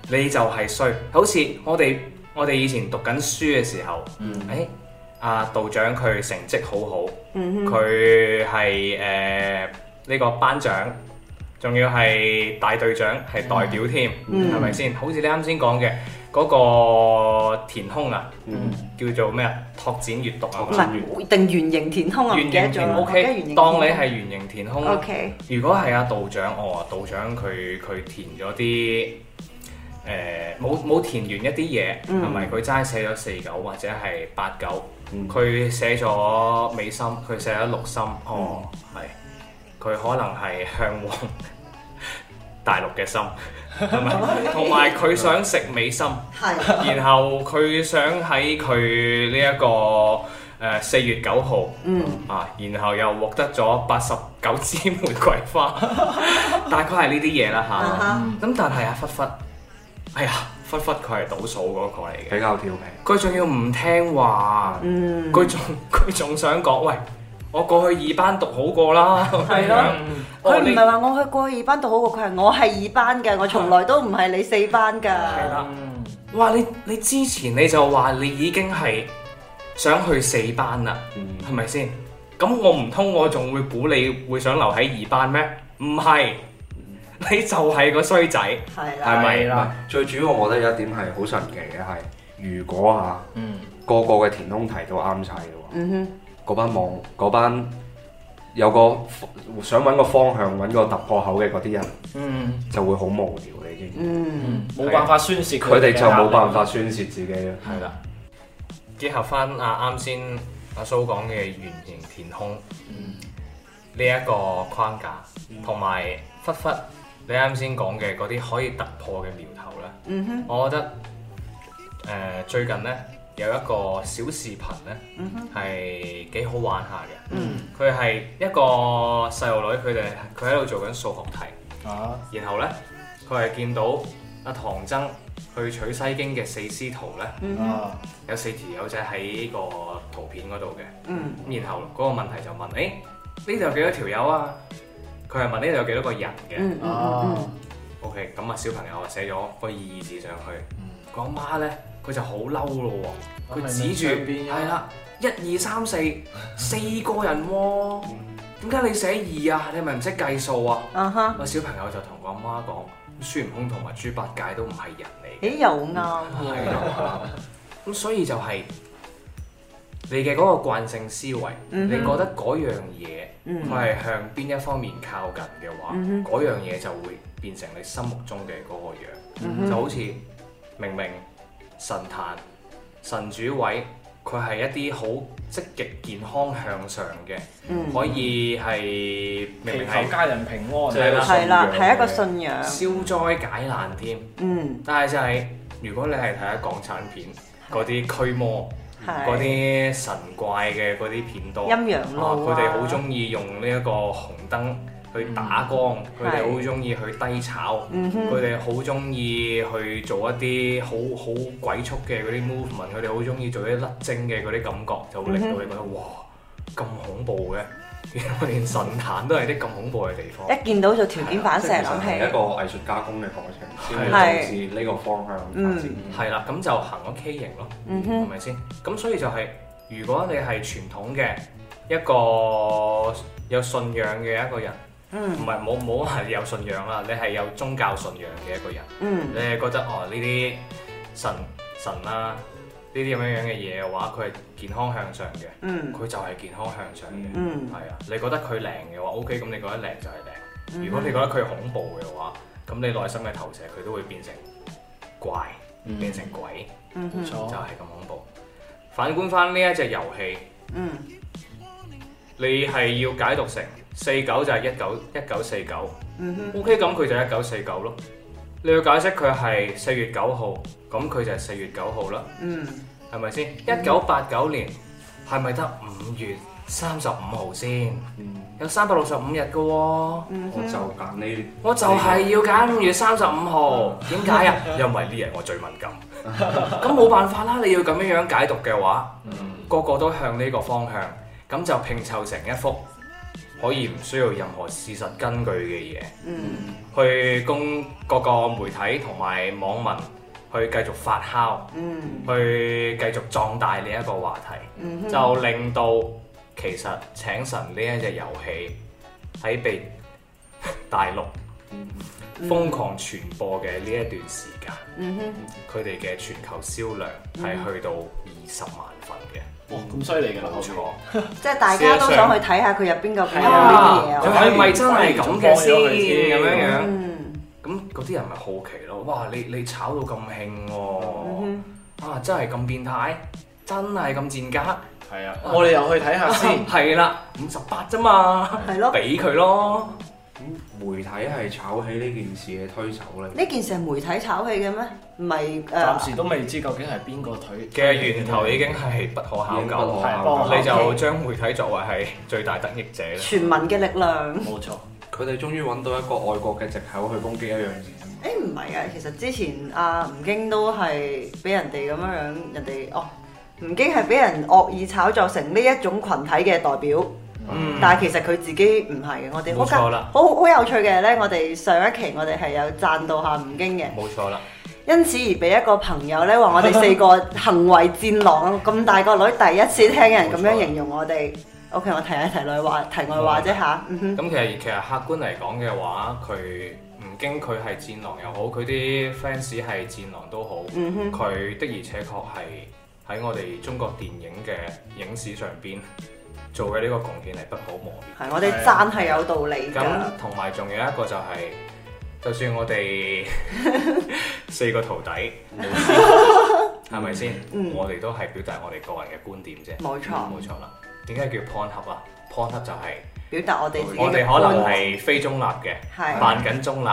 你就係衰，好似我哋我哋以前讀緊書嘅時候，誒、mm hmm. 哎、啊道長佢成績好好，佢係誒呢個班長，仲要係大隊長係代表添，係咪先？好似你啱先講嘅。嗰個填空啊，嗯、叫做咩啊？拓展閱讀啊，唔係定圓形填空啊？OK，當你係圓形填空，如果係啊，道長哦，道長佢佢填咗啲誒冇冇填完一啲嘢，同埋佢齋寫咗四九或者係八九，佢、嗯、寫咗美心，佢寫咗六心，哦、嗯，係佢、嗯、可能係向往 大陸嘅心。同埋佢想食美心，係，然後佢想喺佢呢一個誒四、呃、月九號，嗯啊，然後又獲得咗八十九支玫瑰花， 大概係呢啲嘢啦吓。咁、啊嗯嗯、但係阿忽忽，哎呀，忽忽佢係倒數嗰個嚟嘅，比較調皮，佢仲要唔聽話，嗯，佢仲佢仲想講喂。我過去二班讀好過啦，佢唔係話我去過去二班讀好過，佢係我係二班嘅，我從來都唔係你四班㗎。係啦，哇！你你之前你就話你已經係想去四班啦，係咪先？咁我唔通我仲會估你會想留喺二班咩？唔係，你就係個衰仔，係咪啦？最主要，我覺得有一點係好神奇嘅係，如果吓個個嘅填空題都啱晒嘅話。嗰班網嗰班有個想揾個方向揾個突破口嘅嗰啲人，嗯、就會好無聊，你知唔知？嗯，冇、嗯、辦法宣泄佢哋就冇辦法宣泄自己啦。係啦、嗯，結合翻阿啱先阿蘇講嘅圓形填空呢一、嗯、個框架，同埋忽忽你啱先講嘅嗰啲可以突破嘅苗頭咧。嗯、哼我覺得誒、呃、最近呢。有一個小視頻咧，係幾，mm hmm. 好玩下嘅。佢係，mm hmm. 一個細路女，佢哋佢喺度做緊數學題。Uh huh. 然後咧，佢係見到阿唐僧去取西經嘅四師徒咧，uh huh. 有四條友仔喺個圖片嗰度嘅。Uh huh. 然後嗰個問題就問：誒呢度有幾多條友啊？佢係問呢度有幾多個人嘅。O K，咁啊小朋友寫咗個意字上去，講乜咧？Hmm. 嗯嗯。佢就好嬲咯喎！佢指住係啦，一二三四四個人喎，點解你寫二啊？你係咪唔識計數啊？啊哈！個小朋友就同個阿媽講，孫悟空同埋豬八戒都唔係人嚟。咦？又啱。又啱。咁所以就係你嘅嗰個慣性思維，你覺得嗰樣嘢佢係向邊一方面靠近嘅話，嗰樣嘢就會變成你心目中嘅嗰個樣，就好似明明神壇神主位，佢係一啲好積極、健康、向上嘅，嗯、可以係祈求家人平安啦，係啦、嗯，係一,一個信仰，消災解難添。嗯，但係就係、是、如果你係睇下港產片嗰啲、嗯、驅魔、嗰啲是神怪嘅嗰啲片多，陰陽路啊，佢哋好中意用呢一個紅燈。去打光，佢哋好中意去低炒，佢哋好中意去做一啲好好鬼畜嘅嗰啲 movement，佢哋好中意做一啲甩精嘅嗰啲感覺，就會令到你覺得哇，咁恐怖嘅，原來連神壇都係啲咁恐怖嘅地方。一見到就條件反射啦，諗起一個藝術加工嘅過程，先會導致呢個方向發展。係啦，咁就行咗 K 型咯，係咪先？咁所以就係如果你係傳統嘅一個有信仰嘅一個人。唔係冇冇話有信仰啦，你係有宗教信仰嘅一個人，你係覺得哦呢啲神神啦，呢啲咁樣樣嘅嘢嘅話，佢係健康向上嘅，佢、嗯、就係健康向上嘅，係啊、嗯，你覺得佢靚嘅話，OK，咁你覺得靚就係靚。如果你覺得佢恐怖嘅話，咁你內心嘅投射佢都會變成怪，變成鬼，冇錯，就係咁恐怖。反觀翻呢一隻遊戲。你係要解讀成四九就係一九一九四九，嗯哼，OK 咁佢就一九四九咯。你要解釋佢係四月九號，咁佢就係四月九號啦，嗯，係咪先？一九八九年係咪得五月三十五號先？有三百六十五日㗎喎，我就揀呢，我就係要揀五月三十五號。點解啊？因為呢日我最敏感，咁冇辦法啦。你要咁樣樣解讀嘅話，個個都向呢個方向。咁就拼湊成一幅可以唔需要任何事實根據嘅嘢，嗯、去供各個媒體同埋網民去繼續發酵，嗯、去繼續壯大呢一個話題，嗯、哼就令到其實請神呢一隻遊戲喺被大陸瘋狂傳播嘅呢一段時間，佢哋嘅全球銷量係去到二十萬份嘅。哇，咁犀利嘅啦，好似我，即係大家都想去睇下佢入邊究竟係咪真係咁嘅先，咁實樣樣。咁嗰啲人咪好奇咯，哇，你你炒到咁興喎，嗯、哼啊，真係咁變態，真係咁賤格，係啊，我哋又去睇下先。係、啊、 啦，五十八啫嘛，係 咯，俾佢 咯。媒體係炒起呢件事嘅推手咧，呢件事係媒體炒起嘅咩？唔係誒，uh, 暫時都未知，究竟係邊個推嘅源頭已經係不可考究，考究忙你就將媒體作為係最大得益者。全民嘅力量，冇錯，佢哋終於搵到一個愛國嘅藉口去攻擊一樣嘢。誒，唔係啊，其實之前阿、啊、吳京都係俾人哋咁樣樣，嗯、人哋哦，吳京係俾人惡意炒作成呢一種群體嘅代表。嗯、但係其實佢自己唔係嘅，我哋冇錯啦，好好有趣嘅呢，我哋上一期我哋係有讚到下吳京嘅，冇錯啦，因此而俾一個朋友呢，話我哋四個行為戰狼咁 大個女第一次聽人咁樣形容我哋，OK，我提一提，話提外話題外話啫嚇。咁其實其實客觀嚟講嘅話，佢吳京佢係戰狼又好，佢啲 fans 係戰狼都好，佢、嗯、哼的而且確係喺我哋中國電影嘅影史上邊。做嘅呢個貢獻係不可磨滅，係我哋讚係有道理嘅。咁同埋仲有一個就係，就算我哋四個徒弟老師，係咪先？我哋都係表達我哋個人嘅觀點啫。冇錯，冇錯啦。點解叫 point 盒啊？point 就係表達我哋自己。我哋可能係非中立嘅，扮緊中立，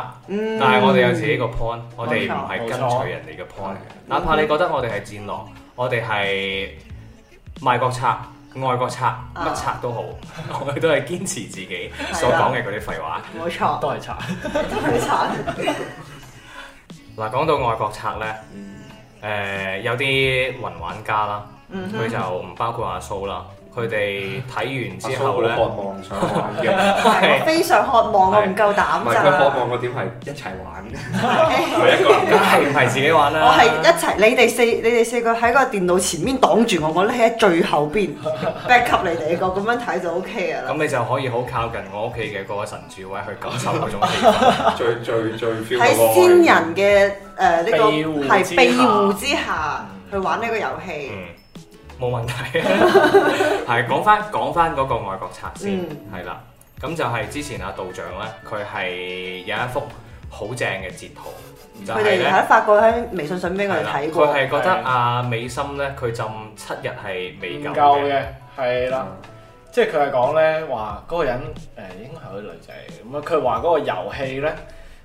但係我哋有自己個 point，我哋唔係跟隨人哋嘅 point。哪怕你覺得我哋係戰狼，我哋係賣國賊。外國賊，乜賊都好，uh, 我哋都係堅持自己所講嘅嗰啲廢話，冇錯，都係是賊，都係賊。嗱，講到外國賊咧，誒、mm hmm. 呃、有啲雲玩家啦，佢就唔包括阿蘇啦。佢哋睇完之後咧，渴望想玩嘅非常渴望，我唔夠膽。唔佢渴望我點係一齊玩，係唔係自己玩啦？我係一齊，你哋四你哋四個喺個電腦前面擋住我，我咧喺最後邊，back up 你哋個咁樣睇就 OK 啊啦。咁你就可以好靠近我屋企嘅嗰個神主位去感受嗰種最最最 feel 喺先人嘅誒呢個係庇護之下去玩呢個遊戲。冇問題，係 講翻講翻嗰個外國冊先，係啦、嗯，咁就係之前阿道長咧，佢係有一幅好正嘅截圖，佢哋喺發覺喺微信上邊，我哋睇過。佢係覺得阿、啊、是美心咧，佢浸七日係未夠嘅，係啦，即係佢係講咧話嗰個人，誒、呃、應該係嗰個女仔咁啊。佢話嗰個遊戲咧，誒、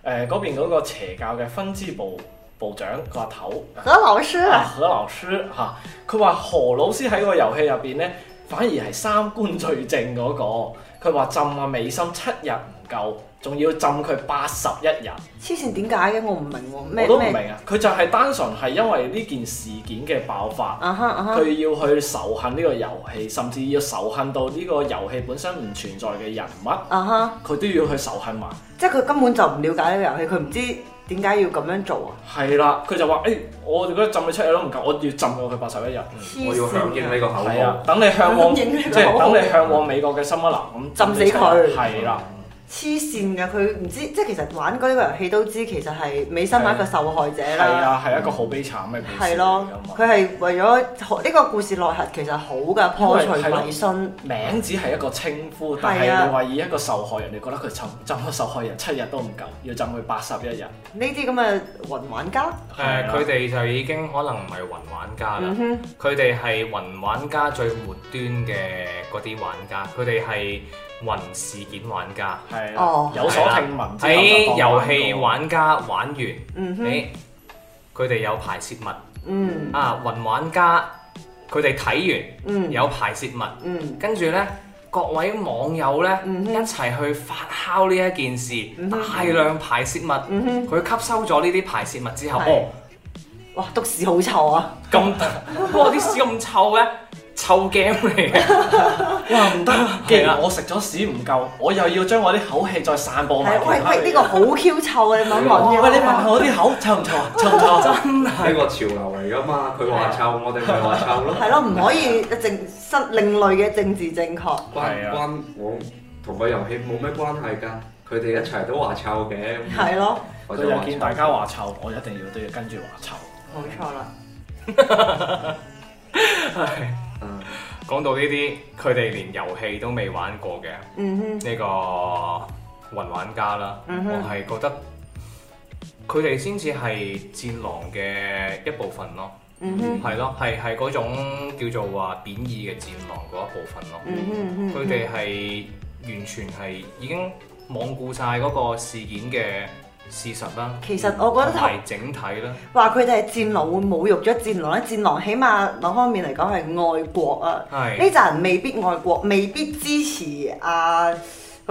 呃、嗰邊嗰個邪教嘅分支部。部長佢話頭何老師，何老師吓，佢話何老師喺個遊戲入邊呢，反而係三觀最正嗰、嗰個。佢話浸阿美心七日唔夠，仲要浸佢八十一日。黐線，點解嘅？我唔明。咩都唔明啊！佢、啊、就係單純係因為呢件事件嘅爆發，佢、啊啊、要去仇恨呢個遊戲，甚至要仇恨到呢個遊戲本身唔存在嘅人物。啊佢哈都要去仇恨埋、啊。即係佢根本就唔了解呢個遊戲，佢唔知。點解要咁樣做啊？係啦，佢就話：誒、欸，我覺得浸佢七日都唔夠，我要浸過佢八十一日，嗯、我要響應呢個口號。等、啊、你向往即係等你向往美國嘅心一擸，咁麼浸死佢他。係啦了。嗯黐線㗎佢唔知，即係其實玩過呢個遊戲都知，其實係美心玩一個受害者啦。係啊、嗯，係一個好悲慘嘅故事。係咯的，佢係為咗呢、嗯、個故事內核其實好嘅破除迷信。名只係一個稱呼，嗯、但係話以一個受害人，你覺得佢沉浸咗受害人七日都唔夠，要浸佢八十一日。呢啲咁嘅雲玩家，誒佢哋就已經可能唔係雲玩家啦。佢哋係雲玩家最末端嘅嗰啲玩家，佢哋係。雲事件玩家，係，哦，有所聽聞。喺遊戲玩家玩完，你佢哋有排泄物，嗯啊，雲玩家佢哋睇完，嗯有排泄物，嗯跟住咧，各位網友咧一齊去發酵呢一件事，大量排泄物，嗯哼，佢吸收咗呢啲排泄物之後，哇，篤屎好臭啊，咁，哇，啲屎咁臭嘅。臭 game 嚟嘅，哇唔得！既然了我食咗屎唔夠，我又要將我啲口氣再散播，喂喂，呢個好 Q 臭啊，你問我？喂，這個、你問了哇我啲口臭唔臭啊？臭唔臭？臭臭，真係的呢個潮流嚟噶嘛？佢話臭，了我哋咪話臭咯。係咯，唔可以一正另另類嘅政治正確了關。關關我同個遊戲冇咩關係㗎，佢哋一齊都話臭嘅。係咯，佢話見大家話臭，我一定要都要跟住話臭。冇錯啦。 講到呢啲，佢哋連遊戲都未玩過嘅呢、mm hmm. 呢個雲玩家啦，mm hmm. 我係覺得佢哋先至係戰狼嘅一部分咯，係咯、mm，係係嗰種叫做話貶義嘅戰狼嗰一部分咯，佢哋係完全係已經罔顧晒嗰個事件嘅。事實啦，其實我覺得係、嗯、整體啦，話佢哋係戰狼會侮辱咗戰狼咧，戰狼起碼某方面嚟講係愛國啊，呢扎人未必愛國，未必支持啊嗰、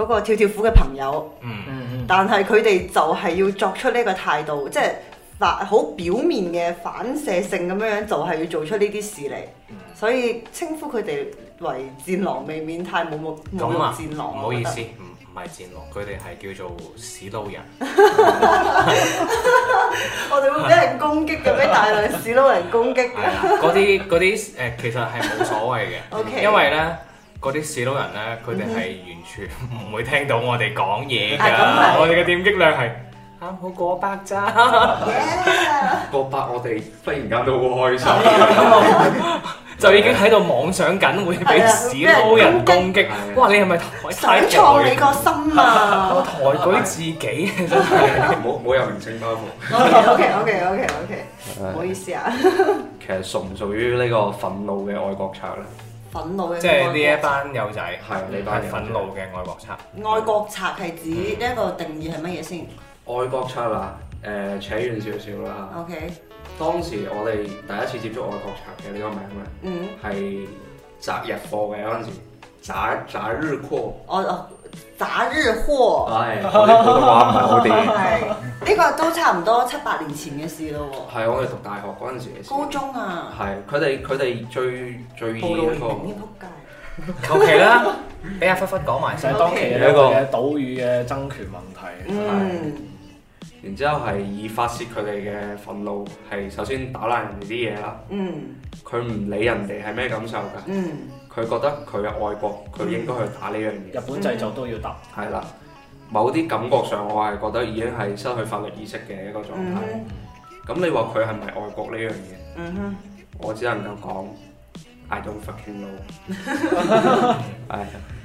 嗰個跳跳虎嘅朋友，嗯嗯，嗯但係佢哋就係要作出呢個態度，即係反好表面嘅反射性咁樣樣，就係要做出呢啲事嚟，所以稱呼佢哋為戰狼，未免太冇冇冇侮辱戰狼唔好意思。嗯唔係戰狼，佢哋係叫做屎撈人。我哋會俾人攻擊嘅，俾大量屎撈人攻擊嗰啲啲誒，其實係冇所謂嘅。Okay. 因為咧，嗰啲屎撈人咧，佢哋係完全唔會聽到我哋講嘢㗎。 啊、我哋嘅點擊量係。我過百咋，過百我哋忽然間都好開心，就已經喺度妄想緊會俾屎高人攻擊。哇！你係咪想創你個心啊？抬舉自己真係，唔好好有名稱啊！好 OK OK OK OK，唔好意思啊。其實屬唔屬於呢個憤怒嘅愛國賊咧？憤怒嘅即係呢一班友仔係呢班憤怒嘅愛國賊。愛國賊係指呢一個定義係乜嘢先？外國茶啦，誒，扯遠少少啦 OK。當時我哋第一次接觸外國茶嘅呢個名咧，嗯，係雜日貨嘅陣時，雜雜日貨。哦哦，雜日貨。哎，我哋普通話唔係好掂。呢個都差唔多七八年前嘅事咯。係啊，我哋讀大學嗰陣時嘅事。高中啊。係，佢哋佢哋最最易。撲街。求其啦，俾阿忽忽講埋晒當期嘅一個嘅島嶼嘅爭權問題。嗯。然之後係以發泄佢哋嘅憤怒，係首先打爛人哋啲嘢啦。嗯，佢唔理人哋係咩感受㗎。嗯，佢覺得佢係愛國，佢應該去打呢樣嘢。日本製造都要打。係啦、嗯，某啲感覺上我係覺得已經係失去法律意識嘅一個狀態。咁你話佢係咪愛國呢樣嘢？嗯哼，我只能夠講 I don't fucking know。係。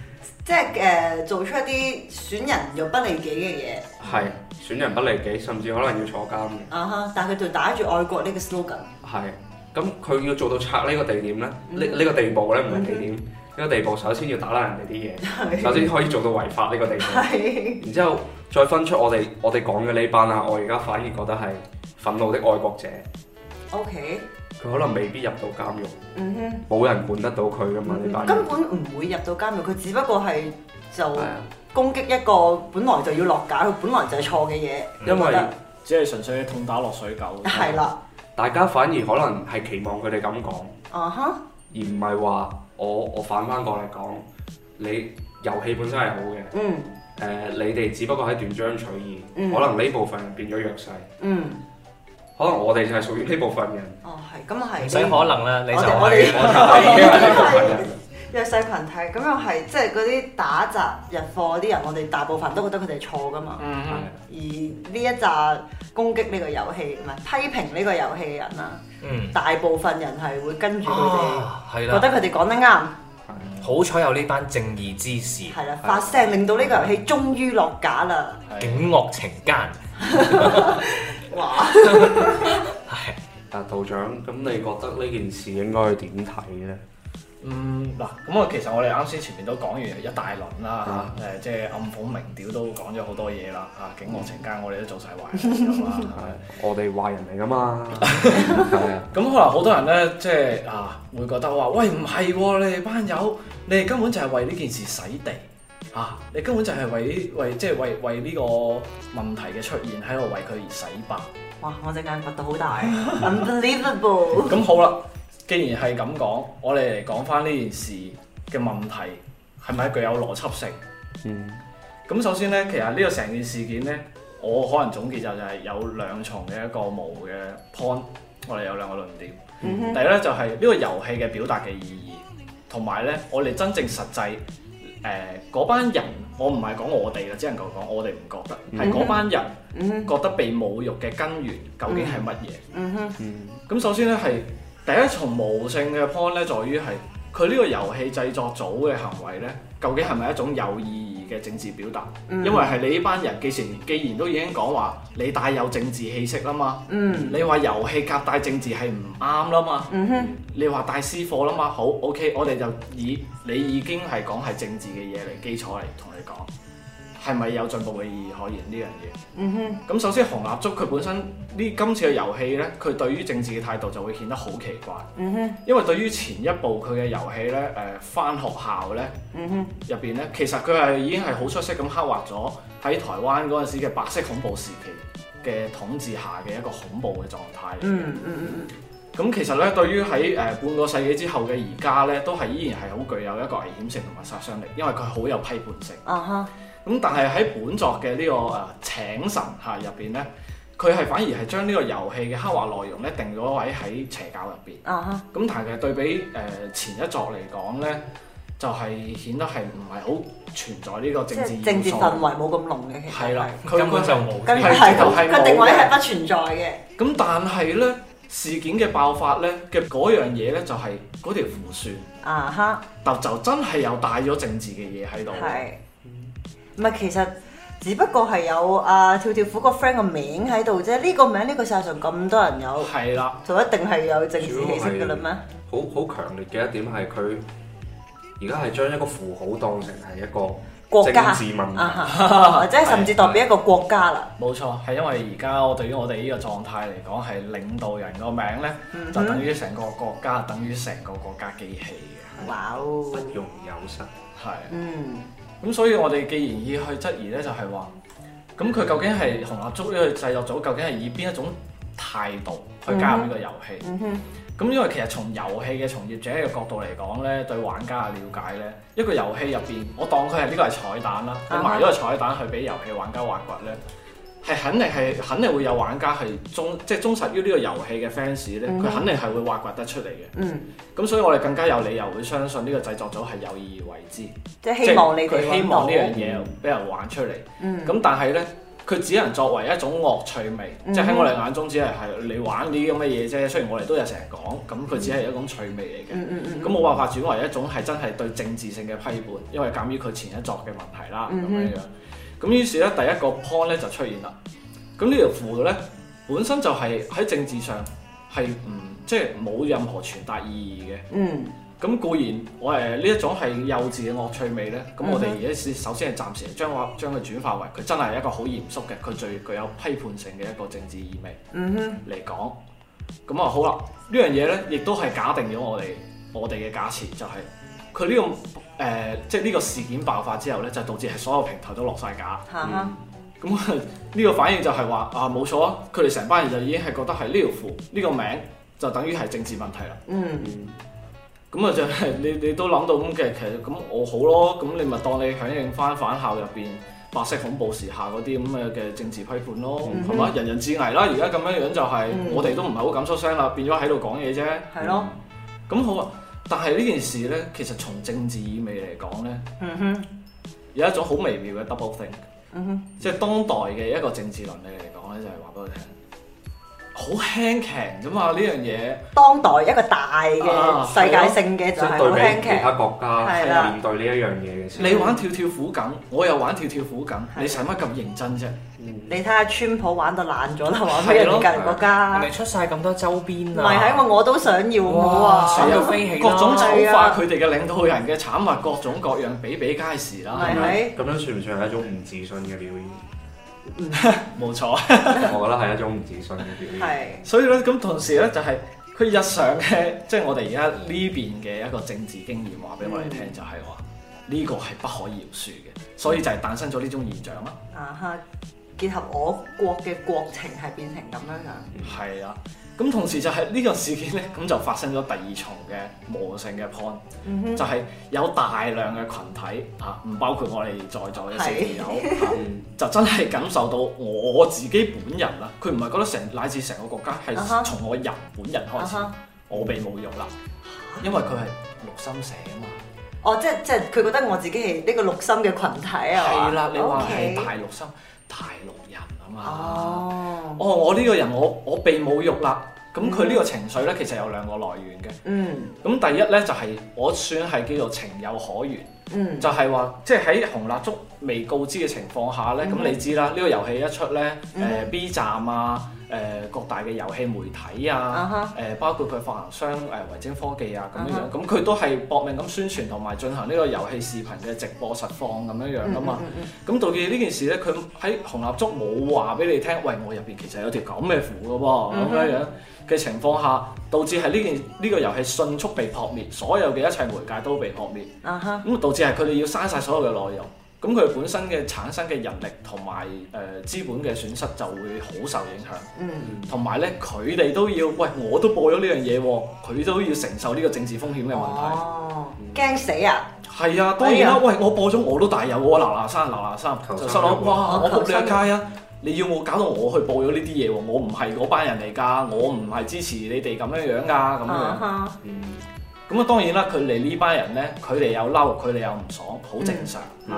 即係誒、呃，做出一啲損人又不利己嘅嘢。係損人不利己，甚至可能要坐監嘅。啊哈、uh！Huh，但佢就打住愛國呢個 slogan。係，咁佢要做到拆呢個地點咧，呢呢、嗯、個地步咧唔係地點，呢、嗯、哼個地步首先要打爛人哋啲嘢，首先是可以做到違法呢個地步， 是然之後再分出我哋我哋講嘅呢班啊，我而家反而覺得係憤怒的愛國者。O.K. 佢可能未必入到監獄，冇人管得到佢㗎嘛？你覺得根本唔會入到監獄，佢只不過係就攻擊一個本來就要落架，佢本來就係錯嘅嘢。因為只係純粹痛打落水狗。係啦，大家反而可能係期望佢哋咁講，而唔係話我我反返過嚟講，你遊戲本身係好嘅。嗯。誒，你哋只不過係斷章取義，可能呢部分變咗弱勢。嗯。可能、哦、我哋就係屬於呢部分人。哦，係，咁又係。唔使可能啦，你就係我哋、我哋、弱勢羣體。 弱勢群體咁又係，即係嗰啲打雜日貨嗰啲人，我哋大部分都覺得佢哋係錯㗎嘛。嗯。而呢一紮攻擊呢個遊戲，唔係批評呢個遊戲嘅人啦。嗯。大部分人係會跟住佢哋，啊、覺得佢哋講得啱。好彩有呢班正義之士，係啦，發聲令到呢個遊戲終於落架啦。的警惡情奸，哇！但道長，咁你覺得呢件事應該點睇呢？嗯嗱，咁啊，其實我哋啱先前面都講完一大輪啦嚇，誒、嗯、即係暗訪明屌都講咗好多嘢啦嚇，警惡懲奸我哋都做晒壞，係我哋壞人嚟㗎嘛，係啊，咁可能好多人咧即係啊會覺得話喂，唔係你哋班友，你哋根本就係為呢件事洗地啊，你根本就係為呢為即係為為呢個問題嘅出現喺度為佢而洗白，哇！我隻眼掘到好大，unbelievable，咁好啦。既然係咁講，我哋嚟講返呢件事嘅問題係咪具有邏輯性？嗯、mm，咁、hmm. 首先呢，其實呢個成件事件呢，我可能總結就係有兩重嘅一個無嘅 point。我哋有兩個論點。Mm hmm. 第一呢，就係、是、呢個遊戲嘅表達嘅意義，同埋呢，我哋真正實際誒嗰、呃、班人，我唔係講我哋啦，只能夠講我哋唔覺得，係嗰、mm hmm. 班人覺得被侮辱嘅根源究竟係乜嘢？嗯哼、mm。咁、hmm. mm hmm. 首先呢，係。第一，重無性嘅 point 咧，在於係佢呢個遊戲製作組嘅行為咧，究竟係咪一種有意義嘅政治表達？嗯、因為係你呢班人，既然既然都已經講話你帶有政治氣息啦嘛，嗯，你話遊戲夾帶政治係唔啱啦嘛，嗯、哼，你話帶私貨啦嘛，好，OK，我哋就以你已經係講係政治嘅嘢嚟基礎嚟同你講。係咪有進步嘅意義可言呢樣嘢？嗯哼。咁首先《紅蠟燭》佢本身呢今次嘅遊戲呢，佢對於政治嘅態度就會顯得好奇怪。嗯哼。因為對於前一部佢嘅遊戲呢，誒、呃、返學校呢，入邊、嗯、哼呢，其實佢係已經係好出色咁刻畫咗喺台灣嗰陣時嘅白色恐怖時期嘅統治下嘅一個恐怖嘅狀態。嗯哼嗯嗯哼咁其實呢，對於喺誒、呃、半個世紀之後嘅而家呢，都係依然係好具有一個危險性同埋殺傷力，因為佢好有批判性。啊哈、嗯。咁但係喺本作嘅呢個誒請神嚇入邊咧，佢係反而係將呢個遊戲嘅刻畫內容咧，定咗位喺邪教入邊。啊咁哈但係對比誒前一作嚟講咧，就係、是、顯得係唔係好存在呢個政治意義，政治氛圍冇咁濃嘅。係啦，根本就冇，係就係冇定位係不存在嘅。咁但係咧，事件嘅爆發咧嘅嗰樣嘢咧就係嗰條符線。啊哈！但就真係有帶咗政治嘅嘢喺度。係、啊。唔係，其實只不過係有阿、啊、跳跳虎個 friend、個名喺度啫。呢、這個名呢個世上咁多人有，係啦了，就一定係有政治性噶啦咩？好好強烈嘅一點係佢而家係將一個符號當成係一個政治問題家、 啊，即係甚至代表一個國家啦。冇 對錯，係因為而家我對於我哋呢個狀態嚟講，係領導人個名呢，就等於成個國家，等於成個國家機器嘅。哇、哦、不容有失，係是嗯。咁所以，我哋既然要去質疑咧，就係話，咁佢究竟係紅蠟燭呢個製作組究竟係以邊一種態度去加入呢個遊戲？咁、mm hmm. 因為其實從遊戲嘅從業者嘅角度嚟講咧，對玩家嘅了解咧，一個遊戲入邊，我當佢係呢個係彩蛋啦，mm hmm. 我埋咗個彩蛋去俾遊戲玩家挖掘咧。係肯定，係肯定會有玩家係忠，即係忠實於呢個遊戲嘅 fans 咧，佢、mm hmm. 肯定係會挖掘得出嚟嘅。嗯、mm，咁、hmm. 所以我哋更加有理由會相信呢個製作組係有意而為之，即希望佢希望呢樣嘢俾人玩出嚟。咁、mm hmm. 嗯、但係呢，佢只能作為一種樂趣味，mm hmm. 即係喺我哋眼中只係係你玩呢啲咁嘅嘢啫。雖然我哋都有成日講，咁佢只係一種趣味嚟嘅。咁冇辦法轉為一種係真係對政治性嘅批判，因為鑑於佢前一作嘅問題啦，咁樣樣。Hmm. Mm hmm. 咁於是咧，第一個 point 咧就出現啦。咁呢條符號咧，本身就係喺政治上係唔即係冇任何傳達意義嘅。嗯。咁固然我誒呢一種係幼稚嘅惡趣味咧，咁我哋而家首先係暫時將我將佢轉化為佢真係一個好嚴肅嘅，佢最具有批判性嘅一個政治意味。嗯哼。嚟講，咁啊好啦，呢樣嘢咧亦都係假定咗我哋我哋嘅假設，就係佢呢個。誒、呃，即係呢個事件爆發之後呢，就是，導致係所有平台都落晒架。咁呢、 嗯、個反應就係話啊，冇錯，佢哋成班人就已經係覺得係呢條褲呢個名就等於係政治問題啦。咁啊、嗯嗯、就是、你你都諗到咁嘅，其實咁我好咯，咁你咪當你響應翻反校入邊白色恐怖時下嗰啲咁嘅嘅政治批判咯，係嘛、嗯哼？人人自危啦，而家咁樣樣就係我哋都唔係好敢出聲啦，變咗喺度講嘢啫。係咯，咁、嗯咯嗯、好啊。但係呢件事呢，其實從政治意味嚟講呢，嗯、哼有一種好微妙嘅 doublethink，、嗯、哼即係當代嘅一個政治倫理嚟講呢，就係話俾我聽，好輕鬆啫嘛，呢樣嘢。當代一個大嘅世界性嘅就係好輕鬆，啊、其他國家係面對呢一樣嘢嘅時候。了你玩跳跳虎梗，我又玩跳跳虎梗，了你使乜咁認真啫？你睇下川普玩到爛咗啦，玩喺人哋隔籬國家，咪出晒咁多周邊啊！咪係因為我都想要我啊，想哇飛起各種就化佢哋嘅領導人嘅產物，各種各樣比比皆是啦的。係咪？咁樣算唔算係一種唔自信嘅表現？冇 錯， 我覺得係一種唔自信嘅表現。係的，所以咧，咁同時咧，就係佢日常嘅，即係我哋而家呢邊嘅一個政治經驗話俾我哋聽，就係話呢個係不可饒恕嘅，所以就係誕生咗呢種現象啦。啊哈！結合我國嘅國情係變成咁樣樣、啊啊啊，係啦。咁同時就係呢個事件咧，咁就發生咗第二重嘅模性嘅判，嗯、哼就係有大量嘅群體嚇，唔、啊、包括我哋在座嘅小朋友就真係感受到我自己本人啦。佢唔係覺得成乃至成個國家係從我人本人開始，uh huh. 我被侮辱啦，啊、因為佢係六心社啊嘛。哦、oh，即即佢覺得我自己係呢個六心嘅群體啊。係啦，你話係大六心。說說大陸人啊嘛，啊哦，我呢個人我我被侮辱啦，咁佢呢個情緒咧其實有兩個來源嘅，嗯，咁第一咧就係、是、我算係叫做情有可原，嗯，就係話即係喺紅蠟燭未告知嘅情況下咧，咁、嗯、你知啦，呢、呢個遊戲一出咧，誒、嗯呃、B 站啊。誒各大嘅遊戲媒體啊，誒、uh huh. 包括佢發行商誒、呃、維晶科技啊咁樣、uh huh. 樣，咁佢都係搏命咁宣傳同埋進行呢個遊戲視頻嘅直播實況咁樣、mm hmm. 樣噶嘛，咁導致呢件事呢，佢喺紅蠟燭冇話俾你聽，喂，我入邊其實有條咁嘅符噶喎咁樣的的、uh huh. 樣嘅情況下，導致係呢件呢個遊戲迅速被撲滅，所有嘅一切媒介都被撲滅啊咁、uh huh. 導致係佢哋要刪晒所有嘅內容。咁佢本身嘅產生嘅人力同埋誒資本嘅損失就會好受影響。嗯，同埋咧，佢哋都要喂，我都報咗呢樣嘢喎，佢都要承受呢個政治風險嘅問題。哦，驚死啊！係、嗯、啊，當然啦、啊，哎、呀喂，我播咗我都大有喎，嗱嗱聲，嗱嗱聲，就心諗哇，我扑你一街啊！你要我搞到我去報咗呢啲嘢喎？我唔係嗰班人嚟㗎，我唔係支持你哋咁樣樣、啊、㗎，咁樣、啊。嗯 咁啊，當然啦，佢哋呢班人咧，佢哋又嬲，佢哋又唔爽，好正常。嗯。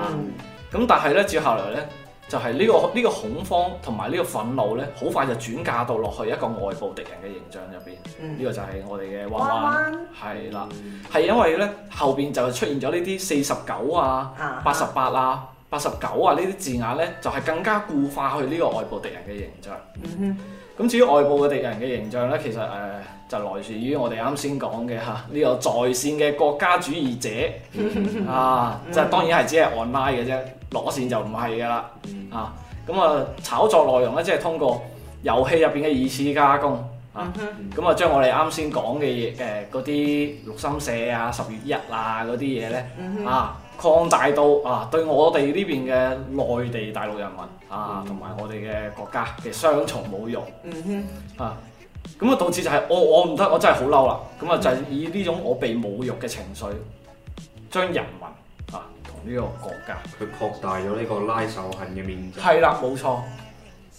咁。嗯。但係咧，接下來咧，就係呢個呢個恐慌同埋呢個憤怒咧，好快就轉嫁到落去一個外部敵人嘅形象入邊。嗯。呢個就係我哋嘅娃娃。彎彎。係啦，係。嗯。因為咧後邊就出現咗呢啲四十九啊、八十八啊、八十九啊呢啲字眼咧，就係更加固化佢呢個外部敵人嘅形象。嗯哼。咁至於外部嘅敵人嘅形象呢，其實誒、呃、就是、來自於我哋啱先講嘅嚇呢個在線嘅國家主義者、mm hmm. 啊，mm hmm. 即係當然係只係 online 嘅啫，攞咗線就唔係噶啦啊！咁啊，炒作內容呢，即係通過遊戲入邊嘅二次加工啊，咁、mm hmm. 啊將我哋啱先講嘅嘢誒嗰啲六心社啊、十月一啊嗰啲嘢呢。啊。Mm hmm. 啊擴大到啊，對我哋呢邊嘅內地大陸人民啊，同埋我哋嘅國家，其實雙重侮辱。嗯哼，啊，咁啊導致就係我我唔得，我真係好嬲啦。咁啊就係以呢種我被侮辱嘅情緒，將人民啊同呢個國家，佢擴大咗呢個拉仇恨嘅面積。係啦，冇錯，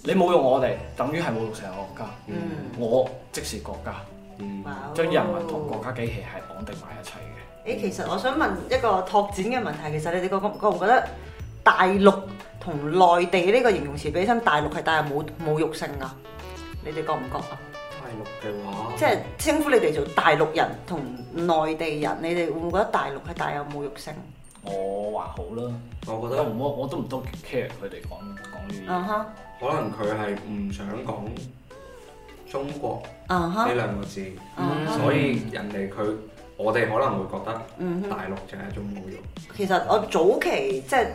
你侮辱我哋，等於係侮辱成個國家。嗯，我即是國家，將人民同國家機器係綁定埋一齊嘅。誒，其實我想問一個拓展嘅問題，其實你哋覺唔覺？覺唔覺得大陸同內地呢個形容詞比起大陸係帶有冇侮辱性㗎？你哋覺唔覺啊？大陸嘅話，即係稱呼你哋做大陸人同內地人，你哋會唔會覺得大陸係帶有侮辱性？我還好啦，我覺得我我都唔多 care 佢哋講講呢啲，uh huh. 可能佢係唔想講中國呢兩個字，uh huh. uh huh. 所以人哋佢。我哋可能會覺得，大陸就係一種侮辱、嗯哼。其實我早期即係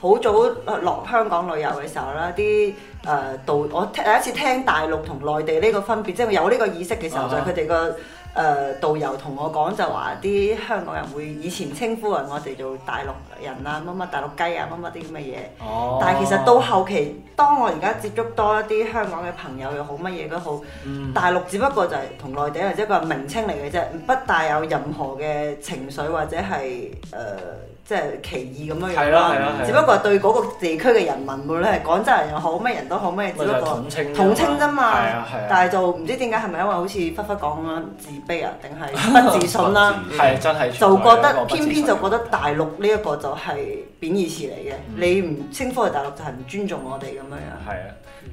好早落香港旅遊嘅時候啦，啲誒導我第一次聽大陸同內地呢個分別，即係有呢個意識嘅時候，嗯、哼就係佢哋個。誒、呃、導遊同我講就話啲香港人會以前稱呼為我哋做大陸人啊乜乜大陸雞啊乜乜啲咁嘅嘢，但係其實到後期，當我而家接觸多一啲香港嘅朋友又好乜嘢都好，好 mm. 大陸只不過就係同內地人一個名稱嚟嘅啫，不帶有任何嘅情緒或者係誒。呃即係歧義咁樣樣咯，只不過對嗰個地區嘅人民，無論係廣州人又好，咩人都好咩，只不過統稱啫嘛。係啊係啊。但係就唔知點解係咪因為好似忽忽講咁樣自卑啊，定係不自信啦、啊？係、 啊、真係。就覺得偏偏、啊、偏偏就覺得大陸呢一個就係貶義詞嚟嘅，嗯、你唔稱呼係大陸就係唔尊重我哋咁樣樣。係啊，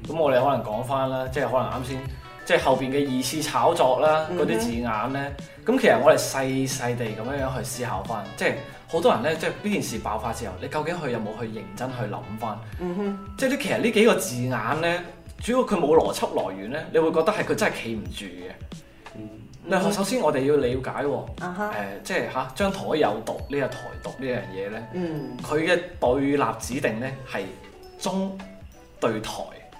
咁我哋可能講翻啦，即係可能啱先，即係後邊嘅二次炒作啦，嗰啲字眼咧。咁、嗯、其實我哋細細地咁樣樣去思考翻，即係。好多人咧，即係呢件事爆發之後，你究竟佢有冇去認真去諗翻？哼、mm，hmm. 即係啲其實呢幾個字眼咧，主要佢冇邏輯來源咧，你會覺得係佢真係企唔住嘅。嗯、mm，hmm. 首先我哋要了解喎、uh huh. 呃，即係吓張台有毒呢個台獨呢樣嘢咧，佢嘅、mm hmm. 對立指定咧係中對台，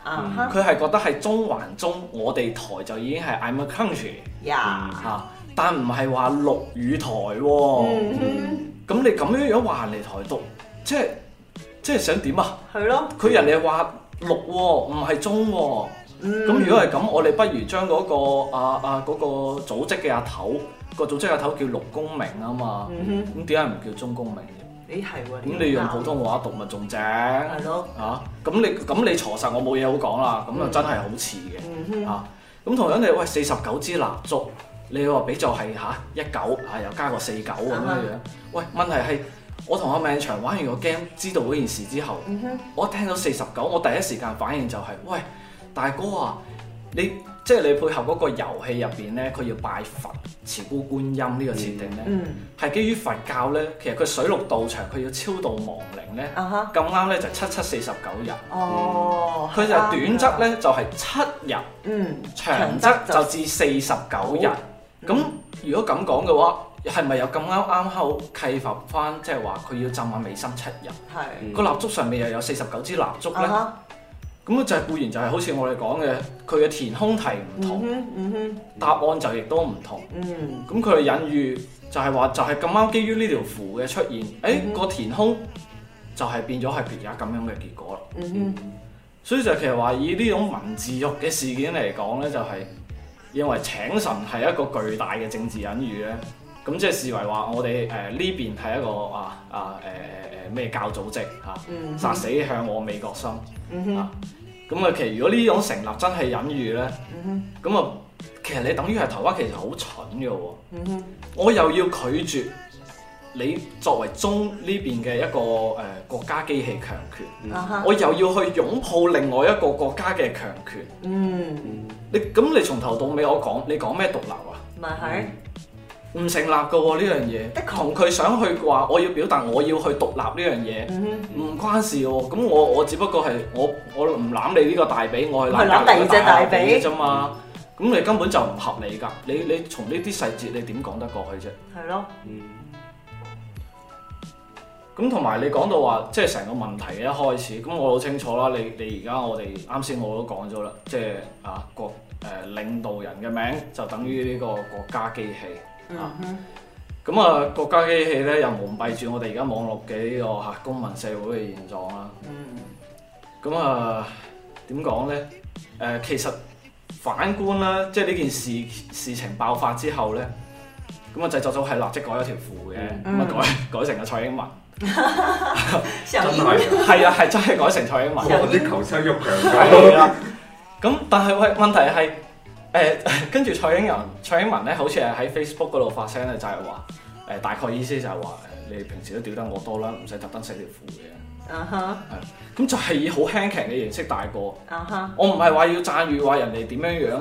佢係、uh huh. 嗯、覺得係中還中，我哋台就已經係 I'm a country，呀，嚇，但唔係話陸與台喎。Mm hmm. mm hmm. 咁你咁樣樣話嚟台獨，即係即係想點啊？係咯。佢人哋話六喎，唔係中喎，咁如果係咁，我哋不如將嗰個啊啊嗰個組織嘅阿頭、嗰個組織阿頭，頭叫陸公明啊嘛。咁點解唔叫鐘公明？你係喎。咁、啊、你用普通話讀咪仲正？係咯的。嚇咁、啊、你咁你錯實我冇嘢好講啦。咁啊真係好似嘅啊。咁同樣咁你喂四十九支蠟燭，你話比就係嚇一九啊，又加個四九咁樣樣。喂，問題係我同阿明祥玩完個 game，知道嗰件事之後，mm hmm. 我一聽到四十九，我第一時間反應就係、是：喂，大哥啊，你即係你配合嗰個遊戲入邊呢？佢要拜佛、慈孤觀音呢個設定呢，係、mm hmm. 基於佛教呢。其實佢水陸道場佢要超度亡靈呢。咁啱呢，就七七四十九日。哦、uh，佢、huh. 嗯、就短則呢，就係七日，mm hmm. 長則就至四十九日。咁、嗯嗯、如果咁講嘅話，係咪有咁啱啱好契合翻？即係話佢要浸下美心七日，個蠟燭上面又有四十九支蠟燭咧。咁啊、uh，huh. 就固然就係好似我哋講嘅，佢嘅填空題唔同，mm hmm. 答案就亦都唔同。咁佢嘅隱喻就係話，就係咁啱基於呢條符嘅出現，誒個填空就係變咗係而家咁樣嘅結果啦。Mm hmm. 所以就其實話以呢種文字獄嘅事件嚟講咧，就係認為請神係一個巨大嘅政治隱喻咧。咁即係視為話我哋誒呢邊係一個啊啊誒誒誒咩教組織嚇，殺死向我美國心。嚇。咁啊，其實如果呢種成立真係隱喻咧，咁啊，其實你等於係台灣其實好蠢嘅喎。我又要拒絕你作為中呢邊嘅一個誒國家機器強權，我又要去擁抱另外一個國家嘅強權。你咁你從頭到尾我講你講咩獨立啊？咪係。唔成立㗎喎呢樣嘢，同佢想去嘅話，我要表達我要去獨立呢樣嘢，唔、嗯、哼關事喎、哦。咁我我只不過係我我唔攬你呢個大髀，我係攬第二隻大髀啫嘛。咁、嗯、你根本就唔合理㗎。你你，你從呢啲細節，你點講得過去啫？係咯。嗯。咁同埋你講到話，即係成個問題嘅一開始，咁我好清楚啦。你你而家我哋啱先我都講咗啦，即係啊國誒、啊、領導人嘅名就等於呢個國家機器。啊，咁啊，國家機器咧又蒙蔽住我哋而家網絡嘅呢個嚇、啊、公民社會嘅現狀啦、啊。嗯、啊，咁啊點講咧？誒、呃，其實反觀啦，即係呢件事事情爆發之後咧，咁、那、啊、個、製作組係立即改咗條褲嘅，咁啊、嗯、改改成阿蔡英文。真係，係啊，係 真係改成蔡英文。啲求生欲強，係啊，咁但係喂問題係。 誒， 跟住蔡英文，蔡英文咧，好似係喺 Facebook 嗰度發聲咧，就係、是、話，誒大概意思就係話，你平時都屌得我多啦，唔使特登洗條褲嘅。啊哈、uh。係、huh. 嗯。咁就係以好輕鬆嘅形式帶過。啊哈、uh。Huh. 我唔係話要讚譽話人哋點樣樣，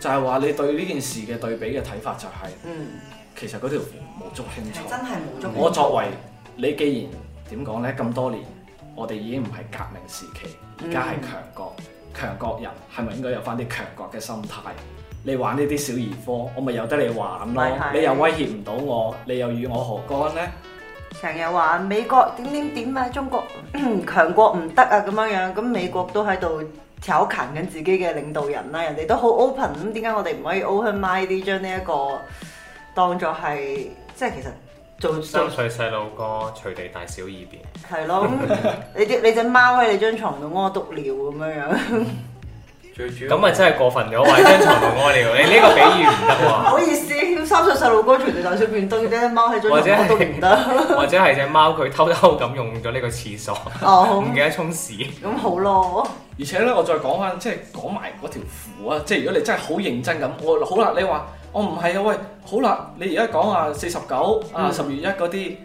就係、是、話你對呢件事嘅對比嘅睇法就係、是，嗯、uh，huh. 其實嗰條冇足輕重。真係冇足輕重。我作為你，既然點講咧，咁多年，我哋已經唔係革命時期，而家係強國。Uh huh. 強國人係咪應該有翻啲強國嘅心態？你玩呢啲小兒科，我咪由得你玩咯。你又威脅唔到我，你又與我何干呢？成日話美國點點點啊，中國咳咳強國唔得啊咁樣樣。咁美國都喺度挑釁緊自己嘅領導人啦，人哋都好 open，咁點解我哋唔可以 open mind 啲、這個，將呢一個當作係即係其實？三歲細路哥隨地大小二便，係咯， 你啲你隻貓喺你張床度屙毒尿咁樣樣、嗯，最主要咁啊真係過分咗， 話你張床度屙尿，你呢個比喻唔得喎。唔 好意思，三歲細路哥隨地大小便都嘅，對貓喺張牀度屙尿唔得。或者係隻貓佢偷偷咁用咗呢個廁所，唔、哦、記得沖屎。咁好咯。而且咧，我再講翻，即係講埋嗰條褲啊，即、就、係、是、如果你真係好認真咁，我好啦，你話。我唔係啊！喂，好啦，你而家講啊四十九啊十月一嗰啲，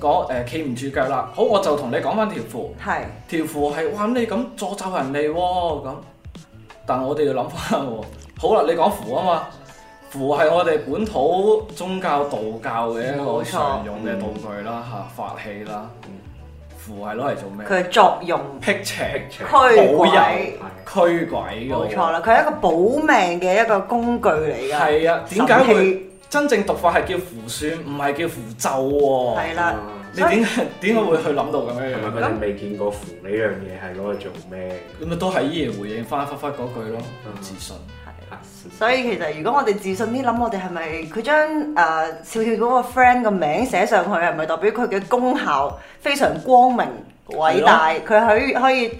講誒企唔住腳啦。好，我就同你講翻條符。係是。條符係哇！你咁助咒人哋喎咁，但我哋要諗翻喎。好啦，你講符啊嘛，符係我哋本土宗教道教嘅一個常用嘅道具啦吓、嗯啊，法器啦。嗯符係攞嚟做咩？佢係作用辟邪、驅鬼、驅鬼嘅。冇錯啦，佢係一個保命嘅一個工具嚟㗎。係啊，點解佢真正讀法係叫符算，唔係叫符咒喎、啊？係啦、啊，你點點解會去諗到咁樣樣？係咪佢哋未見過符呢樣嘢係攞嚟做咩？咁咪、嗯、都係依然回應翻忽忽嗰句咯，自信。所以其實，如果我哋自信啲諗，我哋係咪佢將誒笑笑嗰個 friend 個名寫上去，係咪代表佢嘅功效非常光明偉大？佢可的可以誒、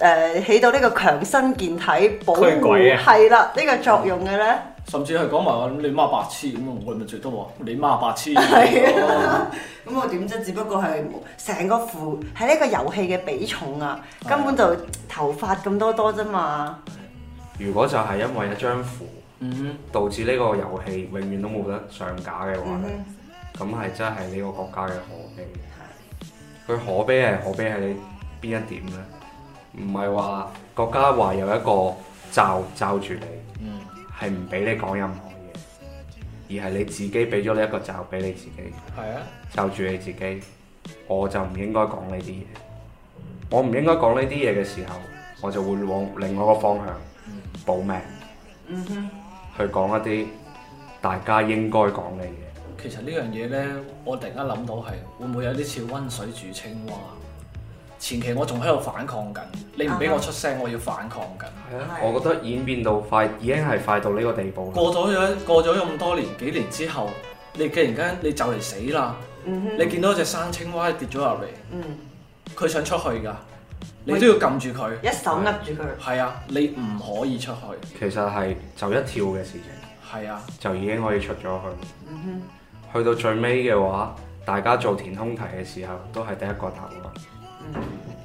呃、起到呢個強身健體保護係啦呢個作用嘅咧、嗯？甚至係講埋我諗你媽白痴咁，我係咪最多喎！你媽白痴，咁是的 我點啫？只不過係成個符，喺呢個遊戲嘅比重啊，根本就頭髮咁多多啫嘛～如果就係因為一張符、mm hmm. 導致呢個遊戲永遠都冇得上架嘅話呢咁係、mm hmm. 真係呢個國家嘅可悲。佢、mm hmm. 可悲係可悲喺你邊一點呢？唔係話國家話有一個罩罩住你，係唔俾你講任何嘢，而係你自己俾咗呢一個罩俾你自己，mm hmm. 罩住你自己。我就唔應該講呢啲嘢。我唔應該講呢啲嘢嘅時候，我就會往另外一個方向。保命，嗯哼、mm，hmm. 去講一啲大家應該講嘅嘢，其實呢樣嘢呢，我突然間諗到係會唔會有啲似溫水煮青蛙？前期我仲喺度反抗緊，你唔俾我出聲，我要反抗緊。Mm hmm. 我覺得演變到快，已經係快到呢個地步過。過咗咗，過咗咁多年幾年之後，你突然間你就嚟死啦，mm hmm. 你見到隻生青蛙跌咗入嚟，佢、mm hmm. 想出去噶。你都要撳住佢，一手握住佢，係啊，係啊，你唔可以出去。其實係就一跳嘅事情，係啊，就已經可以出咗去。嗯哼，去到最尾嘅話，大家做填空題嘅時候都係得一個答案。嗯哼，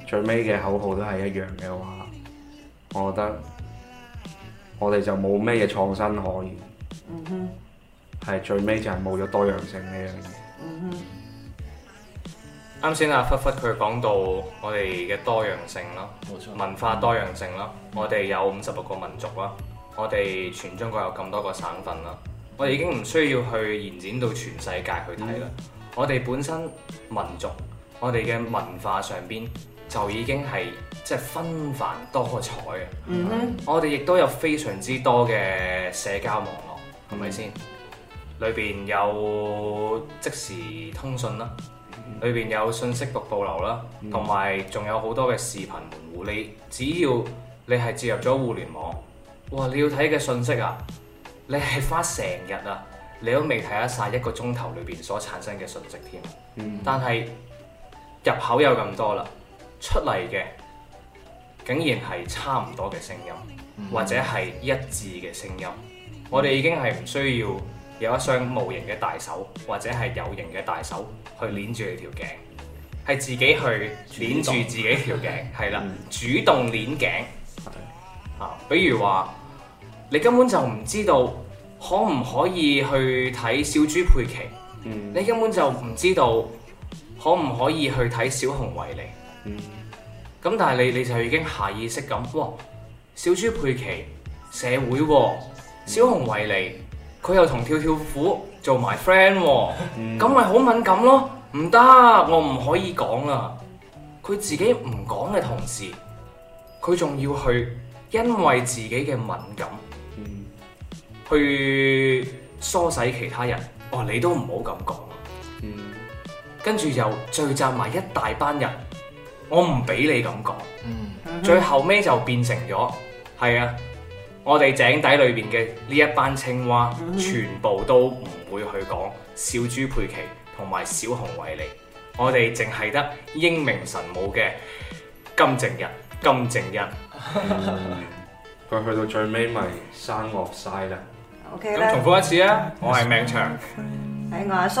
最尾嘅口號都係一樣嘅話，我覺得我哋就冇咩嘢創新可以。嗯哼，係最尾就係冇咗多樣性呢樣嘢。嗯哼。啱先阿忽忽佢講到我哋嘅多樣性啦，冇錯，文化多樣性啦，我哋有五十六個民族啦，我哋全中國有咁多個省份啦，我哋已經唔需要去延展到全世界去睇啦，我哋本身民族，我哋嘅文化上邊就已經係即係紛繁多彩啊，嗯哼，我哋亦都有非常之多嘅社交網絡，係咪先？裏邊有即時通訊啦。裏邊有信息獨步流啦，同埋仲有好多嘅視頻門戶。你只要你係接入咗互聯網，哇！你要睇嘅信息啊，你係花成日啊，你都未睇得晒一個鐘頭裏邊所產生嘅信息添。嗯、但係入口有咁多啦，出嚟嘅竟然係差唔多嘅聲音，嗯、或者係一致嘅聲音。嗯、我哋已經係唔需要。有一雙無形嘅大手，或者係有形嘅大手去攆住你條頸，係自己去攆住自己條頸，係啦，主動攆了、嗯、頸、啊。比如話你根本就唔知道可唔可以去睇小豬佩奇，嗯、你根本就唔知道可唔可以去睇小熊維尼。咁、嗯、但係你你就已經下意識咁，哇！小豬佩奇社會、哦，小熊維尼。嗯嗯佢又同跳跳虎做埋 friend 喎、哦，咁咪好敏感咯？唔得，我唔可以講啦。佢自己唔講嘅同時，佢仲要去因為自己嘅敏感，mm hmm. 去唆使其他人。哦，你都唔好咁講。Mm hmm. 跟住又聚集埋一大班人，我唔俾你咁講。Mm hmm. 最後尾就變成咗，係啊。我哋井底裏邊嘅呢一班青蛙，mm hmm. 全部都唔會去講小豬佩奇同埋小熊維尼，我哋淨係得英明神武嘅金正日，金正日，佢、um, 去到最尾咪生落晒啦。OK 咁重複一次啊，我係命長，係我阿、啊、叔。